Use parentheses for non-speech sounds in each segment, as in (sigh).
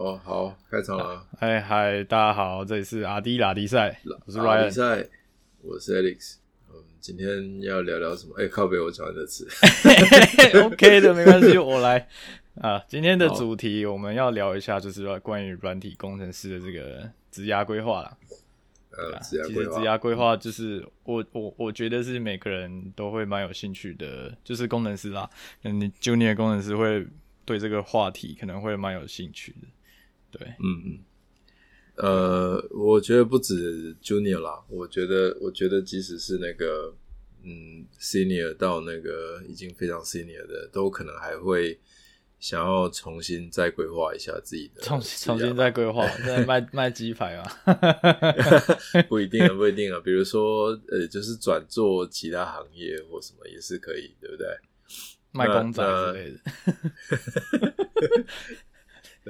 哦，oh, 好，開場了。嗨嗨，大家好，這裡是阿迪拉迪賽拉，我是 Ryan 拉迪賽，我是 Alex、嗯。今天要聊聊什麼？哎、欸，靠北我講完這次 (laughs) ，OK 的， (laughs) 沒關係，我來啊。今天的主題我們要聊一下，就是關於軟體工程師的這個職涯規劃啦呃，職涯規劃，其實職涯規劃就是我我我覺得是每個人都會蠻有興趣的，就是工程師啦，嗯，junior 工程師會對這個話題可能會蠻有興趣的。對，嗯嗯，呃，我覺得不止 junior 啦，我覺得，我覺得即使是那個，嗯，senior 到那個已經非常 senior 的，都可能還會想要重新再規劃一下自己的重，重新重新再規劃，再賣 (laughs) 賣雞排啊， (laughs) 不一定啊，不一定啊，比如說，呃，就是轉做其他行業或什麼也是可以，對不對？賣公仔之類的。 (laughs)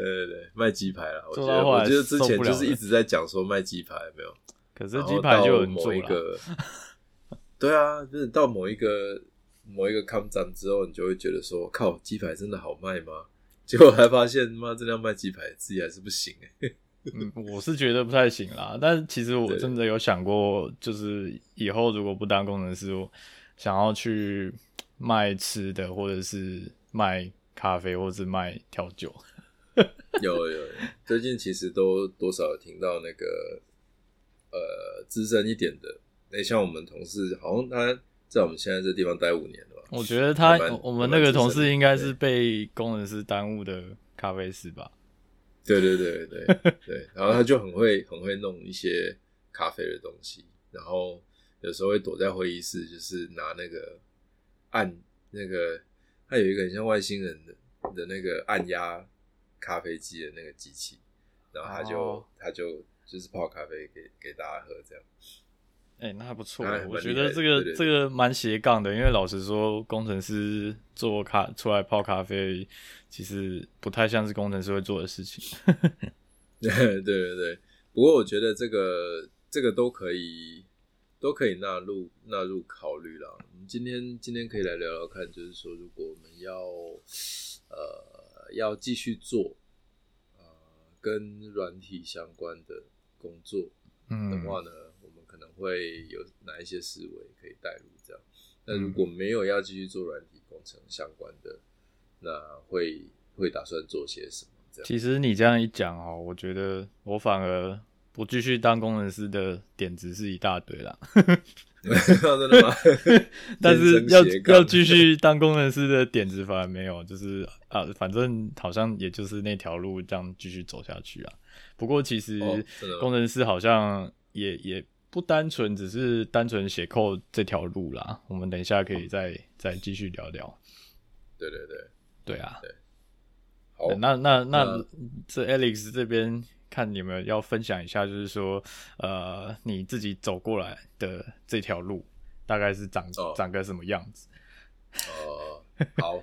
對對對，賣雞排啦！我覺得我覺得之前就是一直在講說賣雞排了了沒有，可是雞排就很做啊。 (laughs) 對啊，就是到某一個某一個康站之後，你就會覺得說，靠，雞排真的好賣嗎？結果還發現，媽，這輛賣雞排自己還是不行哎、欸 (laughs) 嗯。我是覺得不太行啦，但其實我真的有想過，就是以後如果不當工程師，我想要去賣吃的，或者是賣咖啡，或者是賣調酒。 (laughs) 有有，有，最近其實都多少有聽到那個，呃，資深一點的，那、欸、像我們同事，好像他在我們現在這地方待五年了吧？我覺得他蠻蠻我們那個同事應該是被工程師耽誤的咖啡師吧？對對對對 (laughs) 對，然後他就很會很會弄一些咖啡的東西，然後有時候會躲在會議室，就是拿那個按那個，他有一個很像外星人的的那個按壓。咖啡機的那個機器，然後他就、oh. 他就就是泡咖啡給給大家喝，這樣。哎、欸，那還不錯。啊、我覺得這個這個蠻斜槓的，對對對，因為老實說，工程師做咖出來泡咖啡，其實不太像是工程師會做的事情。 (laughs) 對對對，不過我覺得這個這個都可以都可以納入納入考慮啦。我們今天今天可以來聊聊看，就是說，如果我們要呃要繼續做。跟軟體相關的工作的話呢，嗯、我們可能會有哪一些思維可以帶入這樣？那、嗯、如果沒有要繼續做軟體工程相關的，那會會打算做些什麼？這樣？其實你這樣一講哦、喔，我覺得我反而不繼續當工程師的點子是一大堆啦。 (laughs) (laughs) (laughs) 但是要 (laughs) 要繼續當工程師的點子反而沒有，就是啊，反正好像也就是那條路這樣繼續走下去啊。不過其實工程師好像也也不單純只是單純寫扣這條路啦。我們等一下可以再再繼續聊聊。對對對，對啊。對。好，欸、那那那、啊、這 Alex 這邊。看你們要分享一下，就是說，呃，你自己走過來的這條路大概是長、哦、長個什麼樣子？呃，好，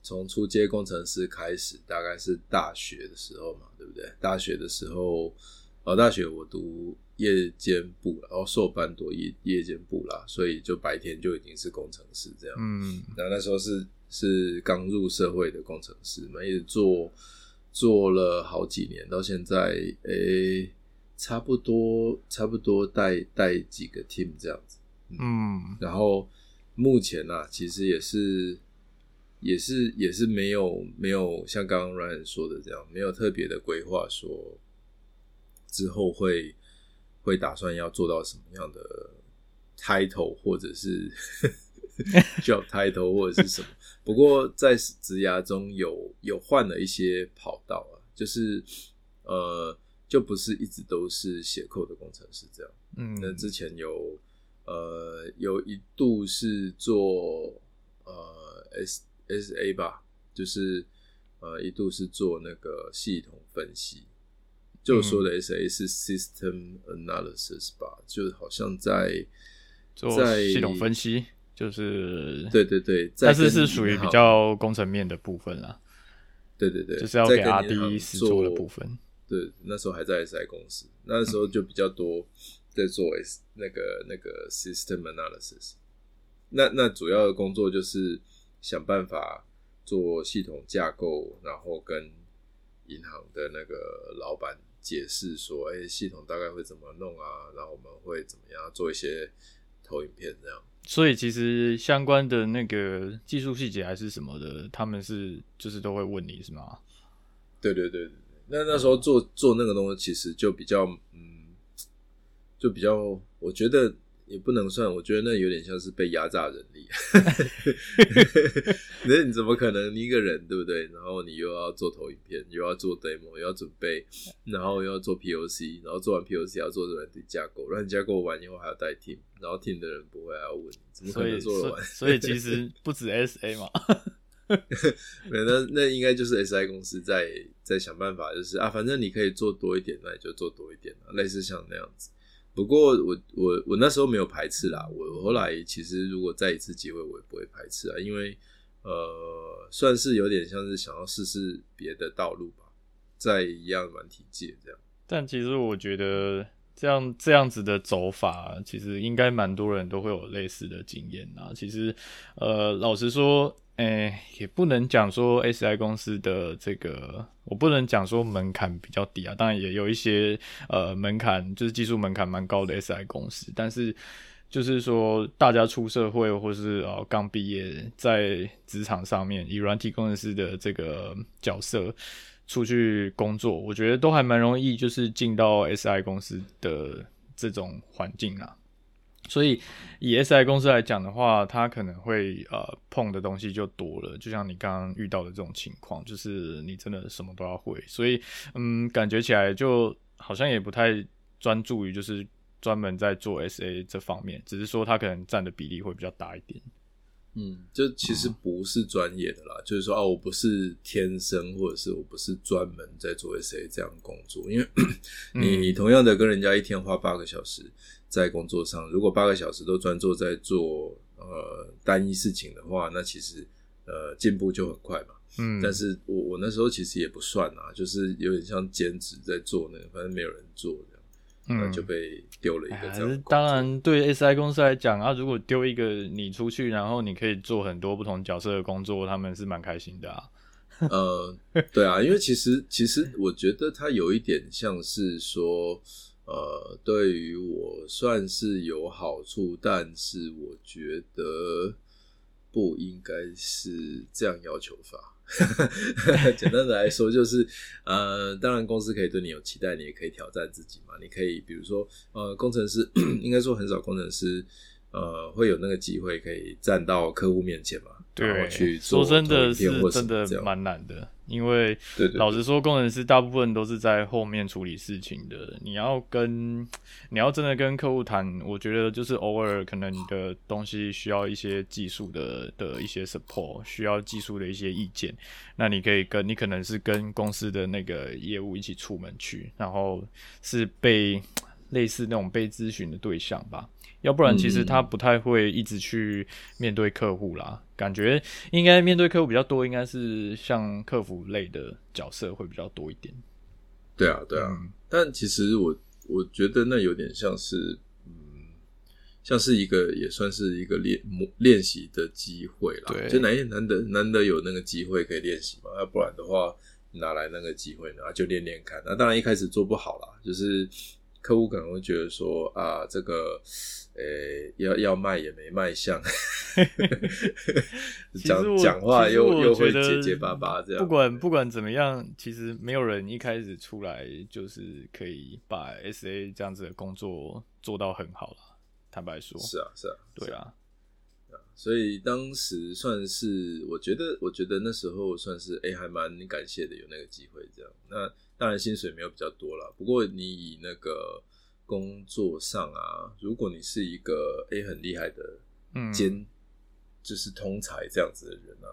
從 (laughs) 初階工程師開始，大概是大學的時候嘛，對不對？大學的時候，呃，大學我讀夜間部，然後碩班讀夜夜間部啦，所以就白天就已經是工程師這樣。嗯，然後那時候是是剛入社會的工程師嘛，一直做。做了好幾年，到現在，誒、欸，差不多，差不多帶帶幾個 team 這樣子，嗯，然後目前啊，其實也是，也是，也是沒有沒有像剛剛 Ryan 說的這樣，沒有特別的規劃，說之後會會打算要做到什麼樣的 title，或者是。 (laughs) 叫 title，或者是什麼？ (laughs) 不過在職涯中有有換了一些跑道啊，就是呃，就不是一直都是寫扣的工程師這樣。嗯，那之前有呃，有一度是做呃 S S A 吧，就是呃，一度是做那個系統分析，就說的 S A 是 System Analysis 吧，嗯、就好像在做在系統分析。就是對對對，但是是屬於比較工程面的部分啦。對對對，就是要給阿弟做的部分。對，那時候還在 SI 公司，那時候就比較多在做 S 那個那個 system analysis。那那主要的工作就是想辦法做系統架構，然後跟銀行的那個老闆解釋說：“哎、欸，系統大概會怎麼弄啊？然後我們會怎麼樣做一些投影片這樣。”所以其實相關的那個技術細節還是什麼的，他們是就是都會問你是嗎？對對對，那那時候做做那個東西其實就比較嗯，就比較我覺得。也不能算，我覺得那有點像是被壓榨人力。那 (laughs) (laughs) 你怎麼可能你一個人對不對？然後你又要做投影片，又要做 demo，又要準備，然後又要做 POC，然後做完 POC 要做軟體架構，然後你架構完以後還要帶 team，然後 team 的人不會還要問，怎麼可能做得完？所以其實不止 SA 嘛。 (laughs) (laughs) 那那應該就是 SI 公司在在想辦法，就是啊，反正你可以做多一點啊，那你就做多一點啊，類似像那樣子。不過我我我那時候沒有排斥啦，我後來其實如果再一次機會，我也不會排斥啊，因為呃，算是有點像是想要試試別的道路吧，在一樣軟體界這樣。但其實我覺得這樣這樣子的走法，其實應該蠻多人都會有類似的經驗啦。其實呃，老實說。哎、欸，也不能講說 SI 公司的這個，我不能講說門檻比較低啊。當然也有一些呃門檻，就是技術門檻蠻高的 SI 公司。但是就是說，大家出社會或是啊剛畢業在職場上面，以軟體工程師的這個角色出去工作，我覺得都還蠻容易，就是進到 SI 公司的這種環境啊。所以，以 S I 公司來講的話，他可能會呃碰的東西就多了，就像你剛剛遇到的這種情況，就是你真的什麼都要會。所以，嗯，感覺起來就好像也不太專注於，就是專門在做 S A 這方面，只是說他可能佔的比例會比較大一點。嗯，就其實不是專業的啦，嗯、就是說啊，我不是天生，或者是我不是專門在做 S A 這樣工作，因為 (coughs) 你同樣的跟人家一天花八個小時。在工作上，如果八個小時都專注在做呃單一事情的話，那其實呃進步就很快嘛。嗯，但是我我那時候其實也不算啊，就是有點像兼職在做那個，反正沒有人做的，嗯，然後就被丟了一個這樣。當然，對 S I 公司來講啊，如果丟一個你出去，然後你可以做很多不同角色的工作，他們是蠻開心的啊。 (laughs) 呃，對啊，因為其實其實我覺得它有一點像是說。呃，對於我算是有好處，但是我覺得不應該是這樣要求法。 (laughs) 簡單的來說就是，呃，當然公司可以對你有期待，你也可以挑戰自己嘛。你可以比如說，呃，工程師應該說很少工程師。呃，會有那個機會可以站到客戶面前嘛？對，去做的，說真的是真的蠻難的，因為對，老實說，工程師大部分都是在後面處理事情的。對對對，你要跟你要真的跟客戶談，我覺得就是偶爾可能你的東西需要一些技術的的一些 support，需要技術的一些意見。那你可以跟你可能是跟公司的那個業務一起出門去，然後是被類似那種被諮詢的對象吧。要不然，其實他不太會一直去面對客戶啦。嗯、感覺應該面對客戶比較多，應該是像客服類的角色會比較多一點。對啊，對啊。但其實我我覺得那有點像是，嗯，像是一個也算是一個練練習的機會啦。對就難難得難得有那個機會可以練習嘛，要不然的話哪來那個機會，然後就練練看。那當然一開始做不好啦，就是客戶可能會覺得說啊，這個。誒、欸，要要賣也沒賣相，講 (laughs) 講 (laughs) 我話又又會結結巴巴，這樣。不管、欸、不管怎麼樣，其實沒有人一開始出來就是可以把 S A 這樣子的工作做到很好了，坦白說。是啊，是啊，對啊，啊、啊，所以當時算是，我覺得，我覺得那時候算是，哎、欸，還蠻感謝的，有那個機會這樣。那當然薪水沒有比較多啦，不過你以那個。工作上啊，如果你是一個欸，很厲害的，嗯兼，就是通才這樣子的人啊，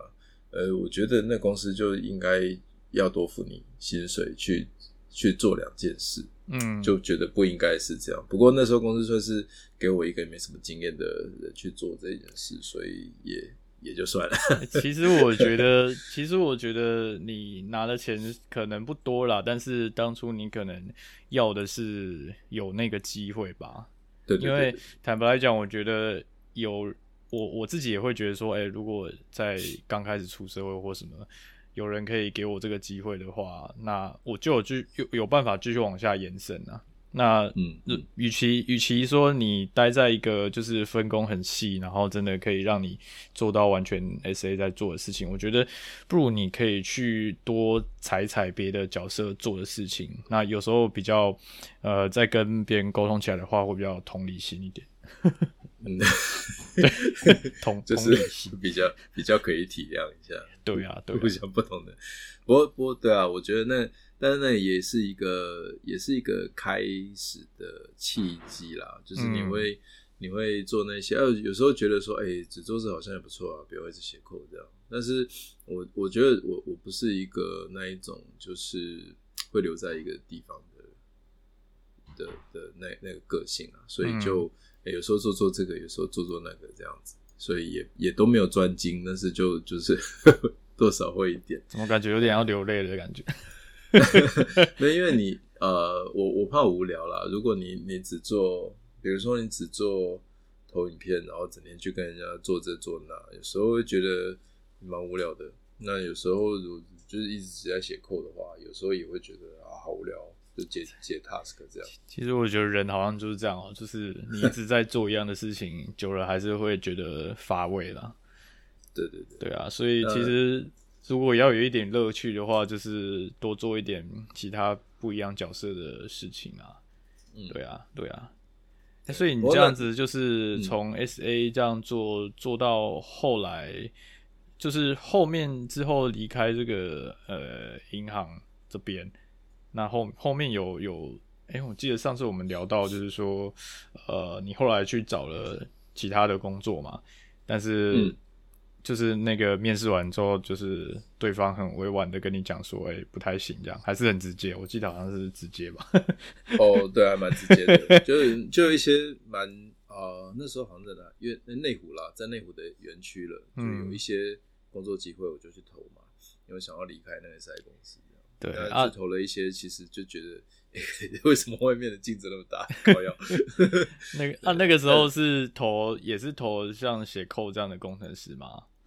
呃，我覺得那公司就應該要多付你薪水去去做兩件事，嗯，就覺得不應該是這樣。不過那時候公司算是給我一個沒什麼經驗的人去做這件事，所以也。也就算了。其實我覺得， (laughs) 其實我覺得你拿的錢可能不多啦。但是當初你可能要的是有那個機會吧？對,對，因為坦白來講，我覺得有我我自己也會覺得說，誒、欸，如果在剛開始出社會或什麼，有人可以給我這個機會的話，那我就就有有,有辦法繼續往下延伸啊。那嗯，與其與其說你待在一個就是分工很細，然後真的可以讓你做到完全 SA 在做的事情，我覺得不如你可以去多踩踩別的角色做的事情。那有時候比較呃，在跟別人溝通起來的話，會比較有同理心一點。嗯， (laughs) 對，同、就是、同理心比較比較可以體諒一下 (laughs) 對、啊。對啊，對，互相不同的。不過不過，對啊，我覺得那。但是那也是一個，也是一個開始的契機啦，就是你會，嗯、你會做那些，呃、啊，有時候覺得說，哎、欸，只做這好像也不錯啊，不要一直寫扣這樣。但是我我覺得我我不是一個那一種，就是會留在一個地方的的的，的那那個個性啊，所以就、嗯欸、有時候做做這個，有時候做做那個這樣子，所以也也都沒有專精，但是就就是 (laughs) 多少會一點。我感覺有點要流淚的感覺。那 (laughs) (laughs) 因為你，呃，我我怕無聊啦，如果你你只做，比如說你只做投影片，然後整天去跟人家做這做那，有時候會覺得蠻無聊的。那有時候如就是一直只在寫 code 的話，有時候也會覺得啊，好無聊，就借借 task 這樣。其實我覺得人好像就是這樣哦、喔，就是你一直在做一樣的事情， (laughs) 久了還是會覺得乏味啦。對對對，對啊，所以其實。如果要有一點樂趣的話，就是多做一點其他不一樣角色的事情啊。對啊，對啊。欸，所以你這樣子就是從 S A 這樣做做到後來，就是後面之後離開這個呃銀行這邊。那後後面有有，哎，欸，我記得上次我們聊到就是說，呃，你後來去找了其他的工作嘛？但是。嗯就是那個面試完之後，就是對方很委婉的跟你講說，哎、欸，不太行這樣，還是很直接。我記得好像是直接吧。哦，oh, 對，還蠻直接的， (laughs) 就就一些蠻啊、呃，那時候好像在哪，因為內湖啦，在內湖的園區了，就有一些工作機會，我就去投嘛，嗯、因為想要離開那個賽公司。對，就投了一些，其實就覺得、啊欸，為什麼外面的競爭那麼大？ (laughs) (laughs) 那個 (laughs) 對啊，那個時候是投但也是投像寫扣這樣的工程師嗎？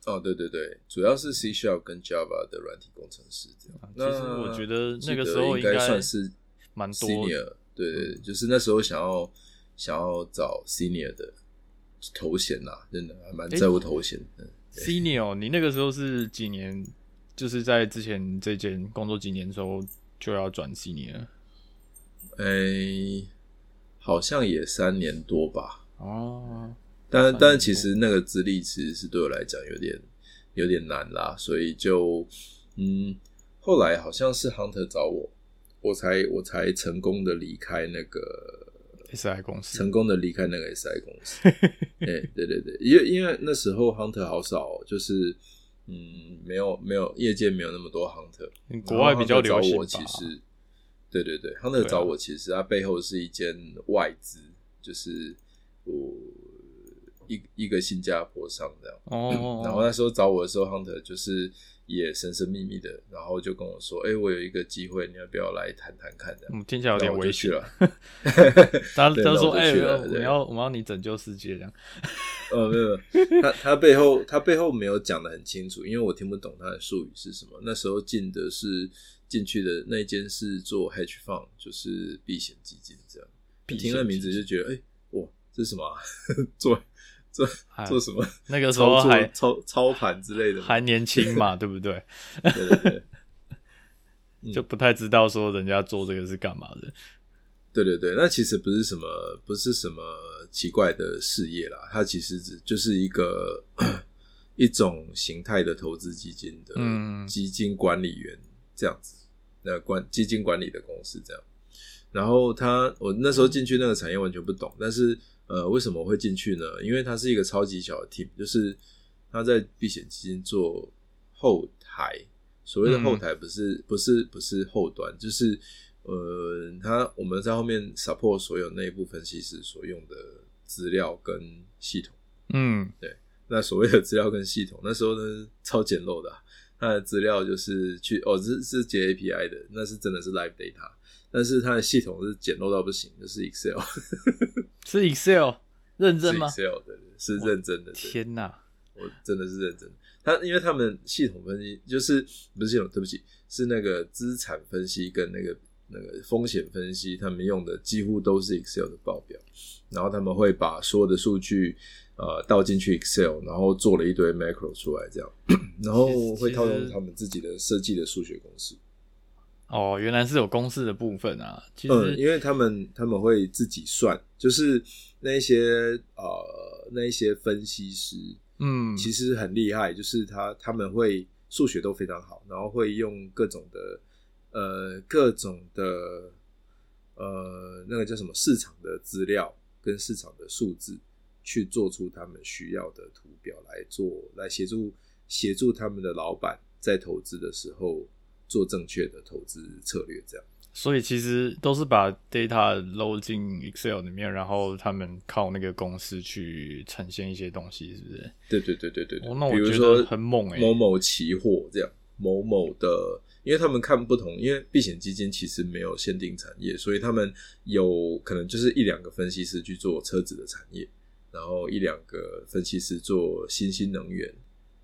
哦，對對對，主要是 C sharp 跟 Java 的軟體工程師這樣。那、啊、其實我覺得那個時候應該算是蠻多的。對對對，就是那時候想要想要找 senior 的頭銜吶、啊，真的還蠻在乎頭銜的。欸、對 senior，你那個時候是幾年？就是在之前這件工作幾年之後就要轉 Senior？哎、欸，好像也三年多吧。哦。但但其實那個資歷其實是對我來講有點有點難啦，所以就嗯，後來好像是 Hunter 找我，我才我才成功的離開那個 SI 公司，成功的離開那個 SI 公司。哎，對對對，因為因為那時候 Hunter 好少，喔，就是嗯，沒有沒有業界沒有那麼多 Hunter，國外比較流行。其實，對對對，Hunter 找我其實他，啊啊、背後是一間外資，就是我。一一個新加坡商這樣 oh, oh, oh,、嗯，然後那時候找我的時候，Hunter 就是也神神秘秘的，然後就跟我說：“哎、欸，我有一個機會，你要不要來談談看這樣、嗯、聽起來有點危險了， (laughs) 他他說：“哎， (laughs) 然後我、欸呃、要，我要你拯救世界這樣。 (laughs) ”呃、哦，沒，有沒有他他背後他背後沒有講得很清楚，因為我聽不懂他的術語是什麼。那時候進的是進去的那間是做 hedge fund，就是避險基金這樣。聽了名字就覺得：“哎、欸，哇，這是什麼、啊、 (laughs) 做？” (laughs) 做什麼？那個時候還操操盤之類的，還年輕嘛，對不對？ (laughs) 對對對，嗯，就不太知道說人家做這個是幹嘛的。對對對，那其實不是什麼不是什麼奇怪的事業啦，它其實就是一個一種形態的投資基金的基金管理員這樣子，那管基金管理的公司這樣。然後他我那時候進去那個產業完全不懂，但是。呃，為什麼會進去呢？因為它是一個超級小的 team，就是他在避險基金做後台，所謂的後台不是嗯，嗯，不是不是後端，就是呃，他我們在後面 r 破所有內部分析師所用的資料跟系統。嗯，對，那所謂的資料跟系統，那時候呢超簡陋的，啊，他的資料就是去哦，是，是接 API 的，那是真的是 live data。但是它的系統是簡陋到不行，就是 Excel， (laughs) 是 Excel，認真嗎？Excel 對，對，對，是認真的。天吶，我真的是認真的。他因為他們系統分析就是不是系統，對不起，是那個資產分析跟那個那個風險分析，他們用的幾乎都是 Excel 的報表。然後他們會把所有的數據呃倒進去 Excel，然後做了一堆 Macro 出來，這樣，然後會套用他們自己的設計的數學公式。其實其實哦，原來是有公式的部分啊。其實嗯，因為他們他們會自己算，就是那一些呃那一些分析師，嗯，其實很厲害，就是他他們會數學都非常好，然後會用各種的呃各種的呃那個叫什麼市場的資料跟市場的數字，去做出他們需要的圖表來做，來協助協助他們的老板在投資的時候。做正確的投資策略，這樣。所以其實都是把 data 撈進 Excel 裡面，然後他們靠那個公司去呈現一些東西，是不是？對，對對對對對對。Oh, 那我覺得很猛哎。比如說某某期貨這樣，欸、某某的，因為他們看不同，因為避險基金其實沒有限定產業，所以他們有可能就是一兩個分析師去做車子的產業，然後一兩個分析師做新興能源，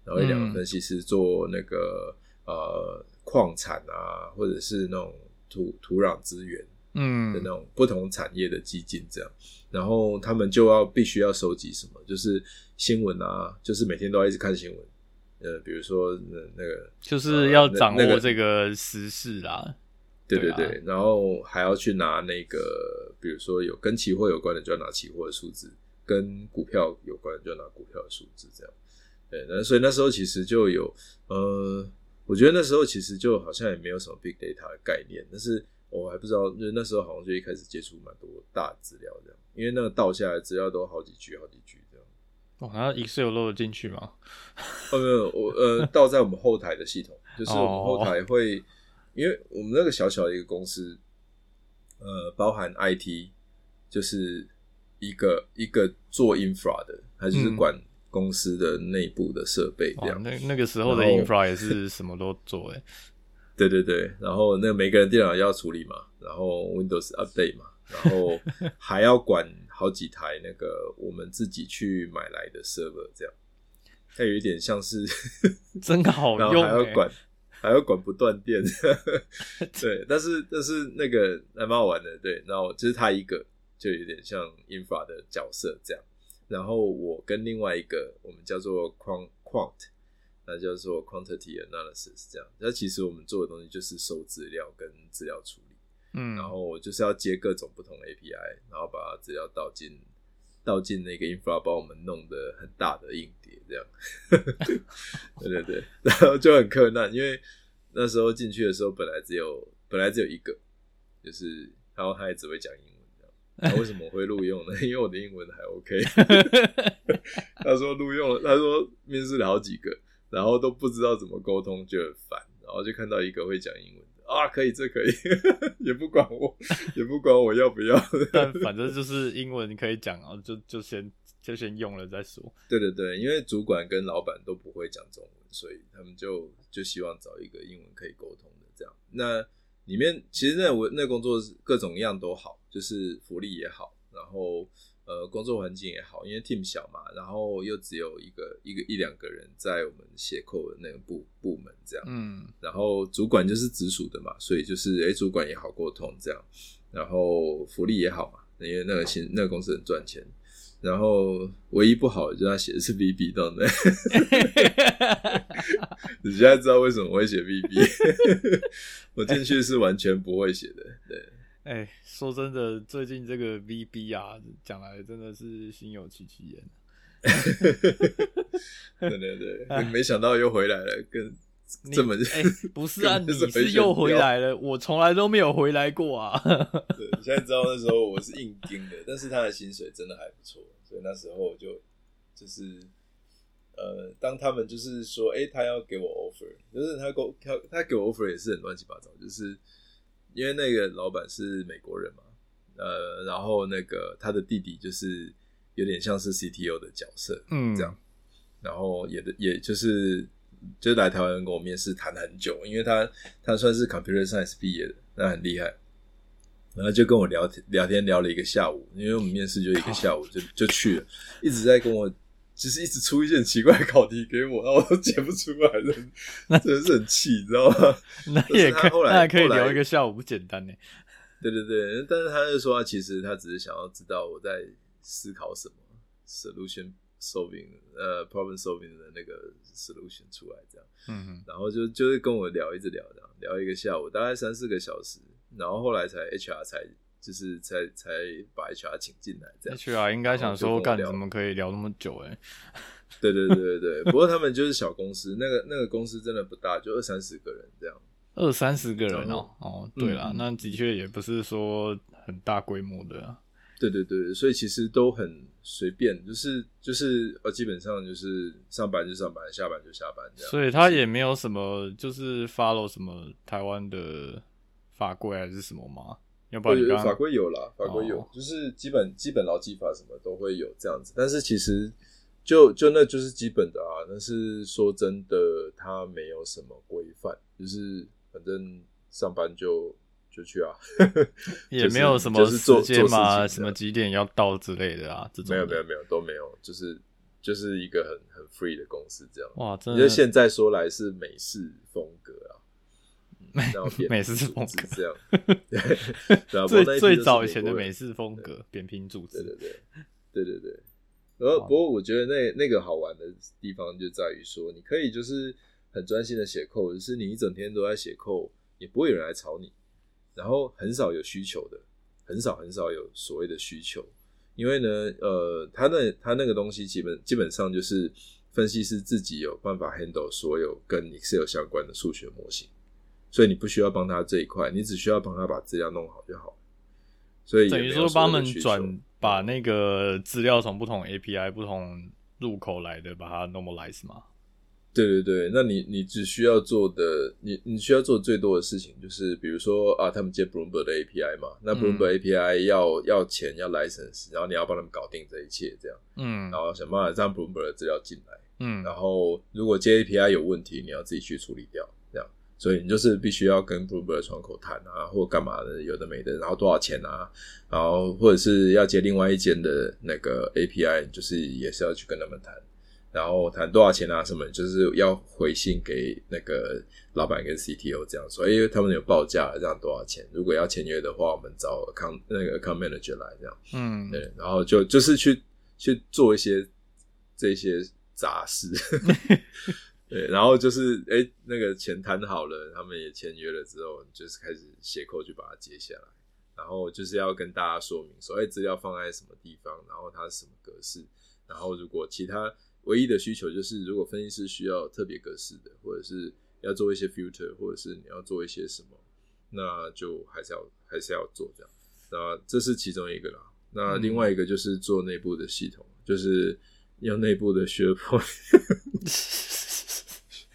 然後一兩個分析師做那個、嗯、呃。礦產啊，或者是那種土土壤資源，嗯，的那種不同產業的基金這樣，嗯、然後他們就要必須要收集什麼，就是新聞啊，就是每天都要一直看新聞，呃，比如說那那個，就是要掌握、呃、那個，這個時事啊，對對對，對啊、然後還要去拿那個，比如說有跟期貨有關的就要拿期貨的數字，跟股票有關的就要拿股票的數字這樣，對，那所以那時候其實就有呃。我覺得那時候其實就好像也沒有什麼 big data 的概念，但是我還不知道，就那時候好像就一開始接觸蠻多大資料這樣，因為那個倒下來資料都好幾句好幾句這樣。哦，好像 Excel 漏了進去嗎？哦，沒有，我呃倒在我們後台的系統， (laughs) 就是我們後台會，因為我們那個小小的一個公司，呃，包含 IT，就是一個一個做 infra 的，它就是管。嗯公司的內部的設備這樣。哦，那那個時候的 Infra 然後也是什麼都做哎！ (laughs) 對對對，然後那個，每個人電腦要處理嘛，然後 Windows update 嘛，然後還要管好幾台那個我們自己去買來的 server 這樣， (laughs) 它有一點像是 (laughs) 真的好用，欸，然後還要管還要管不斷電， (laughs) 對，但是但是那個還蠻好玩的，對，然後就是它一個，就有點像 Infra 的角色這樣。然後我跟另外一個我們叫做 quant, quant，那叫做 quantity analysis 這樣。那其實我們做的東西就是收資料跟資料處理，嗯，然後我就是要接各種不同的 API，然後把資料倒進倒進那個 infra，把我們弄得很大的硬碟這樣。 (laughs) (laughs) (laughs) 對對對，然後就很困難，因為那時候進去的時候本來只有本來只有一個，就是然後他也只會講英文。那、啊、為什麼會錄用呢？因為我的英文還 OK。 (laughs) 他說錄用了，他說面試了好幾個，然後都不知道怎麼溝通就很煩，然後就看到一個會講英文的啊，可以這可以， (laughs) 也不管我 (laughs) 也不管我要不要，但反正就是英文你可以講 (laughs) 然後就就先就先用了再說。對對對，因為主管跟老闆都不會講中文，所以他們就就希望找一個英文可以溝通的這樣。那裡面其實在我那工作是各種樣都好，就是福利也好，然後呃，工作環境也好，因為 team 小嘛，然後又只有一個、一個一兩個人在我們寫 code 的那個部部門這樣，嗯，然後主管就是直屬的嘛，所以就是哎，主管也好溝通這樣，然後福利也好嘛，因為那個錢那個公司很賺錢，然後唯一不好的就是他寫的是 B B 當然，你現在知道為什麼我會寫 B B， (laughs) 我進去是完全不會寫的，對。哎、欸，說真的，最近這個 VB 啊，講來真的是心有戚戚焉。 (laughs) 對對對，唉沒想到又回來了，跟，這你門、就是欸、不是啊，是你是又回來了，要我從來都沒有回來過啊對。你現在知道那時候我是硬撐的， (laughs) 但是他的薪水真的還不錯，所以那時候我就就是呃，當他們就是說，哎、欸，他要給我 offer，就是他給他他給我 offer 也是很亂七八糟，就是。因為那個老闆是美國人嘛，呃，然後那個他的弟弟就是有點像是 CTO 的角色，嗯，這樣，嗯、然後也也就是就是來台灣跟我面試談了很久，因為他他算是 computer science 畢業的，那很厲害，然後就跟我聊天聊天聊了一個下午，因為我們面試就一個下午就就去了，一直在跟我。其實一直出一些很奇怪的考題給我，然後，我都解不出來，那真的是很氣， (laughs) 你知道嗎？那也看，後來那也可以聊一個下午，不簡單呢。對對對，但是他就說，其實他只是想要知道我在思考什麼 solution solving，呃，problem solving 的那個 solution 出來這樣。嗯哼。然後就就是跟我聊一直聊這樣，聊一個下午，大概三四個小時，然後後來才 HR 才。就是才才把 HR 請進來，這樣 HR 應該想說幹怎麼可以聊那麼久誒、欸、 (laughs) 對對對對對，不過他們就是小公司，那個那個公司真的不大，就二三十個人這樣。二三十個人、喔、哦、嗯、哦，對啦，那的確也不是說很大規模的、啊。對對對，所以其實都很隨便，就是就是呃，基本上就是上班就上班，下班就下班這樣。所以他也沒有什麼就是 follow 什麼台灣的法規還是什麼嗎？要哦、有法規有啦，法規有，oh. 就是基本基本勞基法什麼都會有這樣子。但是其實就就那就是基本的啊。但是說真的，它沒有什麼規範，就是反正上班就就去啊，呵 (laughs) 呵、就是，也沒有什麼時間嘛就是做做事什麼幾點要到之類的啊。這種沒有沒有沒有都沒有，就是就是一個很很 free 的公司這樣。哇，真的。因為現在說來是美式風格啊。這樣美美式風格， (laughs) 對，最早以前的美式風格，扁平對柱子，對對對，對對然後的不過我覺得那那個好玩的地方就在於說，你可以就是很專心的寫扣，就是你一整天都在寫扣，也不會有人來吵你，然後很少有需求的，很少很少有所謂的需求，因為呢，呃，他那他那個東西基本基本上就是分析師自己有辦法 handle 所有跟 Excel 相關的數學模型。所以你不需要幫他這一塊，你只需要幫他把資料弄好就好。所以等於說幫他們轉把那個資料從不同 API、不同入口來的，把它 normalize 嘛。對對對，那你你只需要做的，你你需要做最多的事情就是，比如說啊，他們接 Bloomberg 的 API 嘛，那 Bloomberg API 要、嗯、要錢要 license，然後你要幫他們搞定這一切，這樣，嗯，然後想辦法讓 Bloomberg 的資料進來，嗯，然後如果接 API 有問題，你要自己去處理掉。所以你就是必須要跟 Bloomberg 的窗口談啊，或幹嘛的，有的沒的，然後多少錢啊，然後或者是要接另外一間的那個 API，就是也是要去跟他們談，然後談多少錢啊，什麼，就是要回信給那個老闆跟 CTO 這樣說，所以他們有報價，這樣多少錢？如果要簽約的話，我們找 account 那個 account manager 來這樣，嗯，對，然後就就是去去做一些這些雜事。 (laughs) 對，然後就是哎，那個錢談好了，他們也簽約了之後，就是開始寫扣去把它接下來，然後就是要跟大家說明說，所有資料放在什麼地方，然後它是什麼格式，然後如果其他唯一的需求就是，如果分析師需要特別格式的，或者是要做一些 filter，或者是你要做一些什麼，那就還是要還是要做這樣。那這是其中一個啦，那另外一個就是做內部的系統，嗯、就是用內部的 share point。 (laughs)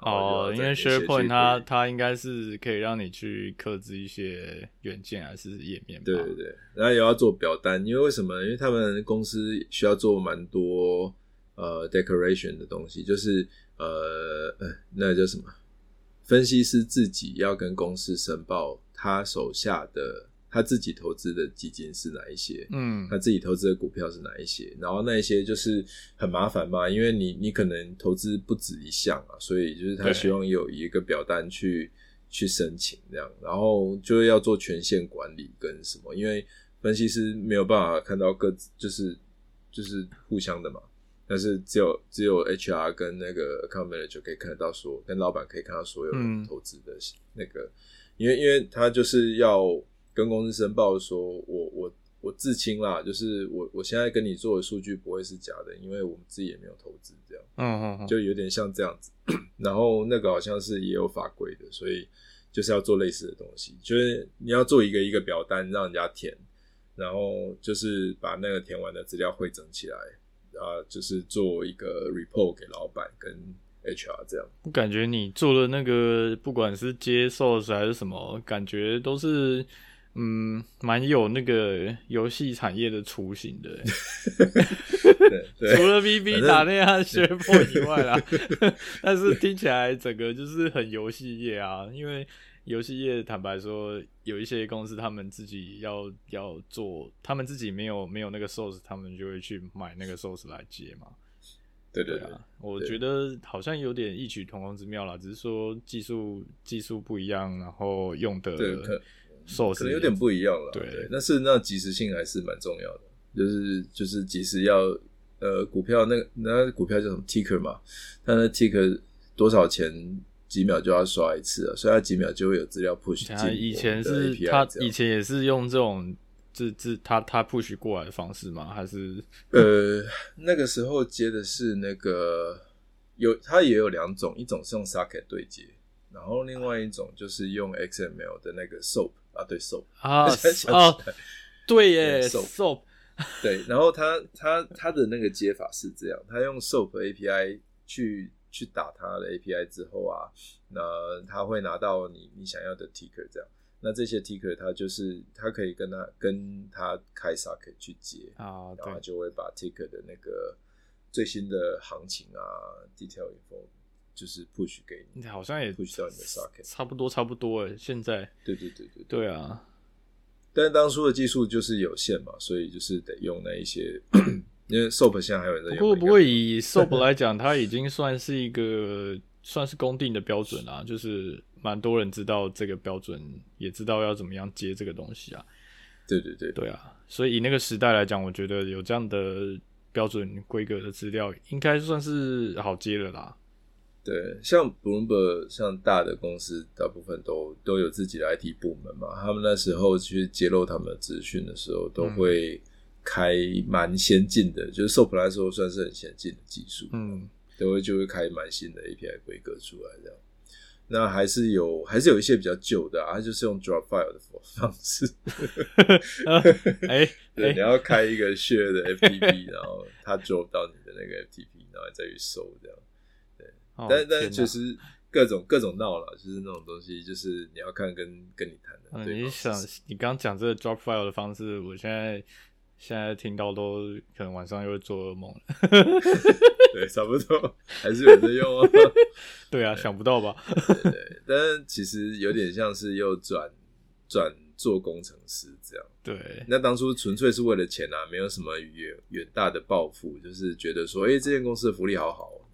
哦，oh, 因為 SharePoint 它它應該是可以讓你去客製一些元件，還是頁面吧？對對對，然後也要做表單，因為為什麼？因為他們公司需要做蠻多呃 decoration 的東西，就是呃呃，那叫什麼？分析師自己要跟公司申報他手下的。他自己投資的基金是哪一些？嗯，他自己投資的股票是哪一些？然後那一些就是很麻煩嘛，因為你你可能投資不止一項啊，所以就是他希望有一個表單去對去申請這樣，然後就要做權限管理跟什麼，因為分析師沒有辦法看到各自，就是就是互相的嘛，但是只有只有 HR 跟那個 account manager 可以看得到說，說跟老闆可以看到所有人投資的那個，嗯、因為因為他就是要。跟公司申報說，我我我自清啦，就是我我現在跟你做的數據不會是假的，因為我們自己也沒有投資這樣，嗯嗯，嗯，就有點像這樣子。然後那個好像是也有法規的，所以就是要做類似的東西，就是你要做一個一個表單讓人家填，然後就是把那個填完的資料彙整起來，啊，就是做一個 report 給老闆跟 HR 這樣。我感覺你做的那個，不管是接受是還是什麼，感覺都是。嗯，蠻有那個遊戲產業的雛形的， (laughs) (laughs) 除了 VB 打那樣血破以外啦， (laughs) (laughs) 但是聽起來整個就是很遊戲業啊，因為遊戲業坦白說，有一些公司他們自己要要做，他們自己沒有沒有那個 source，他們就會去買那個 source 來接嘛。對對，對，對啊，我覺得好像有點異曲同工之妙啦，只是說技術技術不一樣，然後用的。對可能有點不一樣了，對，對但是那即時性還是蠻重要的，就是就是即時要呃股票那個、那個、股票叫什麼 ticker 嘛，他那 ticker 多少錢幾秒就要刷一次了所以刷幾秒就會有資料 push 他以前是他以前也是用這種這這、就是、他他 push 過來的方式嗎？還是呃那個時候接的是那個有他也有兩種，一種是用 socket 對接，然後另外一種就是用 XML 的那個 SOAP。啊，對，Soap 啊對耶 Soap，對，然後他他他的那個接法是這樣，他用 Soap API 去去打他的 API 之後啊，那他會拿到你你想要的 Ticker 這樣，那這些 Ticker 他就是他可以跟他跟他開 Socket 去接啊，oh, 然後他就會把 Ticker 的那個最新的行情啊、mm hmm.，detail info。就是不許給你，你好像也不 h 到你的 socket，差不多差不多哎、欸。現在對對對對，對啊。但當初的技術就是有限嘛，所以就是得用那一些， (coughs) 因為 SOAP 現在還有在用那。不過不過以 SOAP 來講，是它已經算是一個算是公定的標準啦、啊，是就是蠻多人知道這個標準，也知道要怎麼樣接這個東西啊。對對對對啊，所以以那個時代來講，我覺得有這樣的標準規格的資料，應該算是好接的啦。對，像 Bloomberg，像大的公司，大部分都都有自己的 IT 部門嘛。他們那時候去揭露他們的資訊的時候，都會開蠻先進的，嗯、就是 s o p r c h 說算是很先進的技術，嗯，都會就會開蠻新的 API 規格出來的。那還是有，還是有一些比較舊的、啊，他就是用 Drop File 的方式。哎，對，欸、你要開一個 share 的 FTP，然後 o 走到你的那個 FTP，然後再去搜這樣。但但其實各種哪各種鬧了，就是那種東西，就是你要看跟跟你談的。嗯、對，吧你想，你剛剛講這個 drop file 的方式，我現在現在聽到都可能晚上又會做噩夢了。 (laughs) 對，差不多還是有人用啊，喔。 (laughs) (laughs) 對啊，想不到吧？ (laughs) 對，對，對，但其實有點像是又轉轉做工程師這樣。對，那當初純粹是為了錢啊，沒有什麼遠遠大的抱負，就是覺得說，哎，欸，這間公司的福利好好，喔。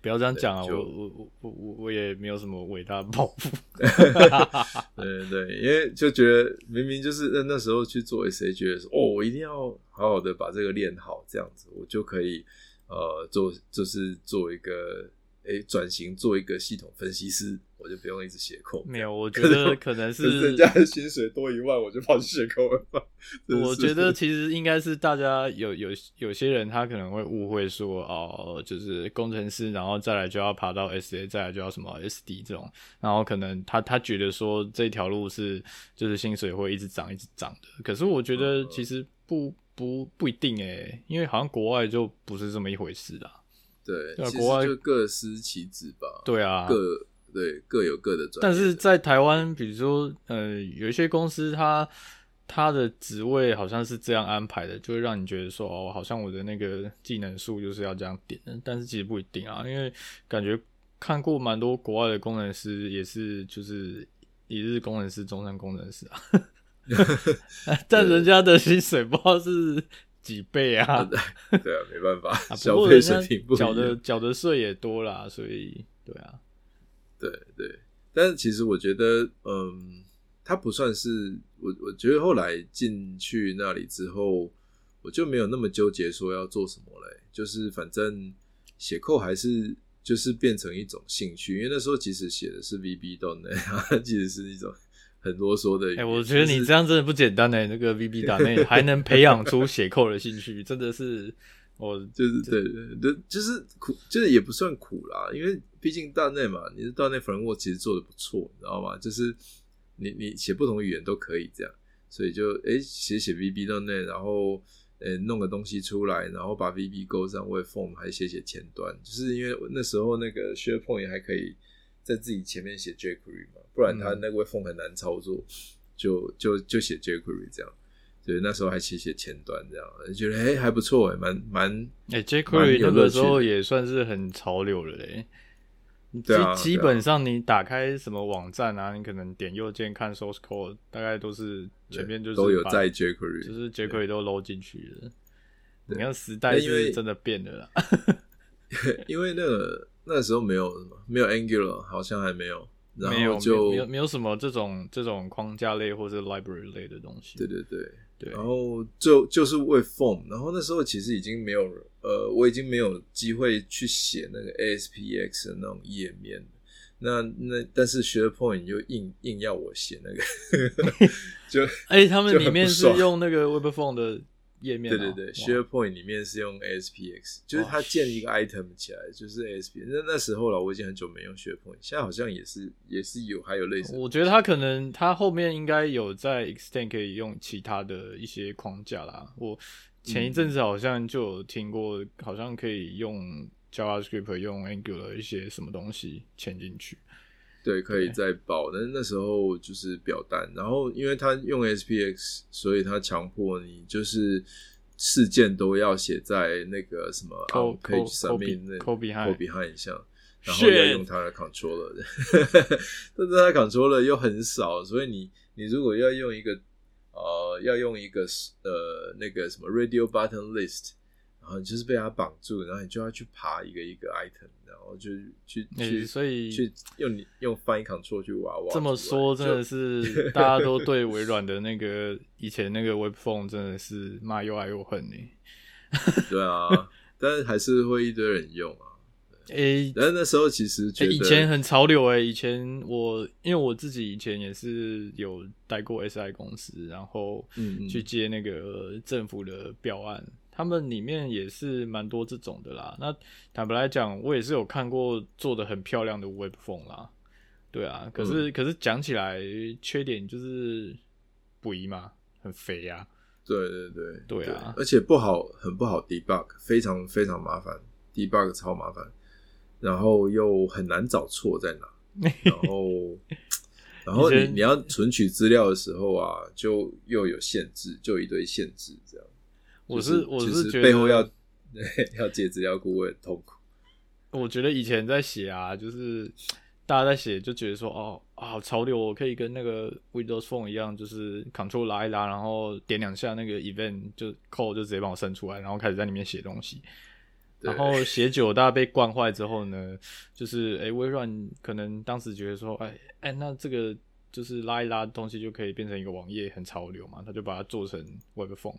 不要這樣講啊！我我我我我也沒有什麼偉大的抱負。對對，因為就覺得明明就是那時候去做，誰覺得說哦，哦，我一定要好好的把這個練好，這樣子我就可以呃做，就是做一個。哎，轉型做一個系統分析師，我就不用一直寫 code，沒有，我覺得可能是，可是人家的薪水多一萬，我就跑去寫 code 了吧 (laughs) 不是 我覺得其實應該是大家有有有些人他可能會誤會說，哦，呃，就是工程師，然後再來就要爬到 S A，再來就要什麼 S D 這種，然後可能他他覺得說這條路是就是薪水會一直漲一直漲的。可是我覺得其實不，嗯，不不一定哎，欸，因為好像國外就不是這麼一回事啦。對，國外就各司其職吧。對啊，各對各有各的專業。但是在台灣，比如說，呃，有一些公司它，他他的職位好像是這樣安排的，就會讓你覺得說，哦，好像我的那個技能數就是要這樣點的。但是其實不一定啊，因為感覺看過蠻多國外的工程師，也是就是一日工程師、終身工程師啊， (laughs) (laughs) 對 但人家的薪水包是幾倍啊，啊？對啊，沒辦法，消費水平不的，繳的繳的稅也多啦，所以對啊，對對。但是其實我覺得，嗯，他不算是我。我覺得後來進去那裡之後，我就沒有那麼糾結說要做什麼嘞。就是反正寫扣還是就是變成一種興趣，因為那時候其實寫的是 VB.NET，其實是一種。很多說的語言，哎、欸，我覺得你這樣真的不簡單呢、欸。就是、那個 VB 打內還能培養出寫 code 的興趣， (laughs) 真的是我就是就對，對對，就就是苦，就是也不算苦啦，因為畢竟大內嘛，你的大內 framework 其實做的不錯，你知道嗎？就是你你寫不同語言都可以這樣，所以就哎寫、欸、寫 VB 打內，然後呃、欸、弄個東西出來，然後把 VB 勾上為 form，還寫寫前端，就是因為那時候那個 SharePoint 也還可以。在自己前面寫 jQuery 嘛，不然他那個風很難操作，嗯、就就就寫 jQuery 這樣。所以那時候還寫寫前端這樣，覺得哎、欸、還不錯哎、欸，蠻蠻哎 jQuery 那個時候也算是很潮流了嘞、欸。啊、基本上你打開什麼網站啊，你可能點右鍵看 source code，大概都是前面就是都有在 jQuery，就是 jQuery 都摟進去了。對你看時代就是真的變了，因為那個。那時候沒有什麼，沒有 Angular，好像還沒有，然後就沒有沒有，沒有什麼這種這種框架類或者 library 類的東西。對對對，對然後就就是 Web Form，然後那時候其實已經沒有，呃，我已經沒有機會去寫那個 ASPX 的那種頁面。那那但是 SharePoint 就硬硬要我寫那個， (laughs) 就哎， (laughs) 欸、就他們裡面是用那個 Web Form 的。頁面，對對對哇，SharePoint 裡面是用 ASPX，就是它建了一個 item 起來，哇就是 ASPX。那那時候了，我已經很久沒用 SharePoint，現在好像也是也是有還有類似的。我覺得他可能他後面應該有在 Extend 可以用其他的一些框架啦。我前一陣子好像就有聽過，好像可以用 JavaScript 用 Angular 一些什麼東西嵌進去。對，可以再報。那、okay. 那時候就是表單，然後因為他用 S P X，所以他強迫你就是事件都要寫在那個什麼 call,、um, call, page 上面，那 code behind code behind 一項，然後要用他的 controller，但是他 controller 又很少，所以你你如果要用一個呃要用一個呃那個什麼 radio button list。然、啊、就是被他綁住，然後你就要去爬一個一個 item，然後就去去、欸、所以去用你用 FindControl 去挖挖。這麼說真的是就大家都對微軟的那個 (laughs) 以前那個 Web Phone 真的是罵又愛又恨呢、欸。對啊， (laughs) 但是還是會一堆人用啊。誒，然、欸、那時候其實、欸、以前很潮流誒、欸，以前我因為我自己以前也是有待過 SI 公司，然後去接那個政府的標案。嗯嗯他們裡面也是蠻多這種的啦。那坦白來講，我也是有看過做得很漂亮的 Web Phone 啦，對啊。可是、嗯、可是講起來，缺點就是不一嘛，很肥啊。對對對，對啊，對。而且不好，很不好 Debug，非常非常麻煩，Debug 超麻煩。然後又很難找錯在哪。 (laughs) 然後然後你你，是，你要存取資料的時候啊，就又有限制，就一堆限制這樣。我是、就是、我是覺得背後要 (laughs) 要解直要股，我很痛苦。我覺得以前在寫啊，就是大家在寫，就覺得說哦啊、哦，潮流我可以跟那個 Windows Phone 一樣，就是 Ctrl 拉一拉，然後點兩下那個 Event 就 Call 就直接幫我生出來，然後開始在裡面寫東西。對然後寫久，大家被慣壞之後呢，就是誒、欸，微軟可能當時覺得說，哎、欸、哎、欸、那這個就是拉一拉的東西就可以變成一個網頁，很潮流嘛，他就把它做成 WebPhone。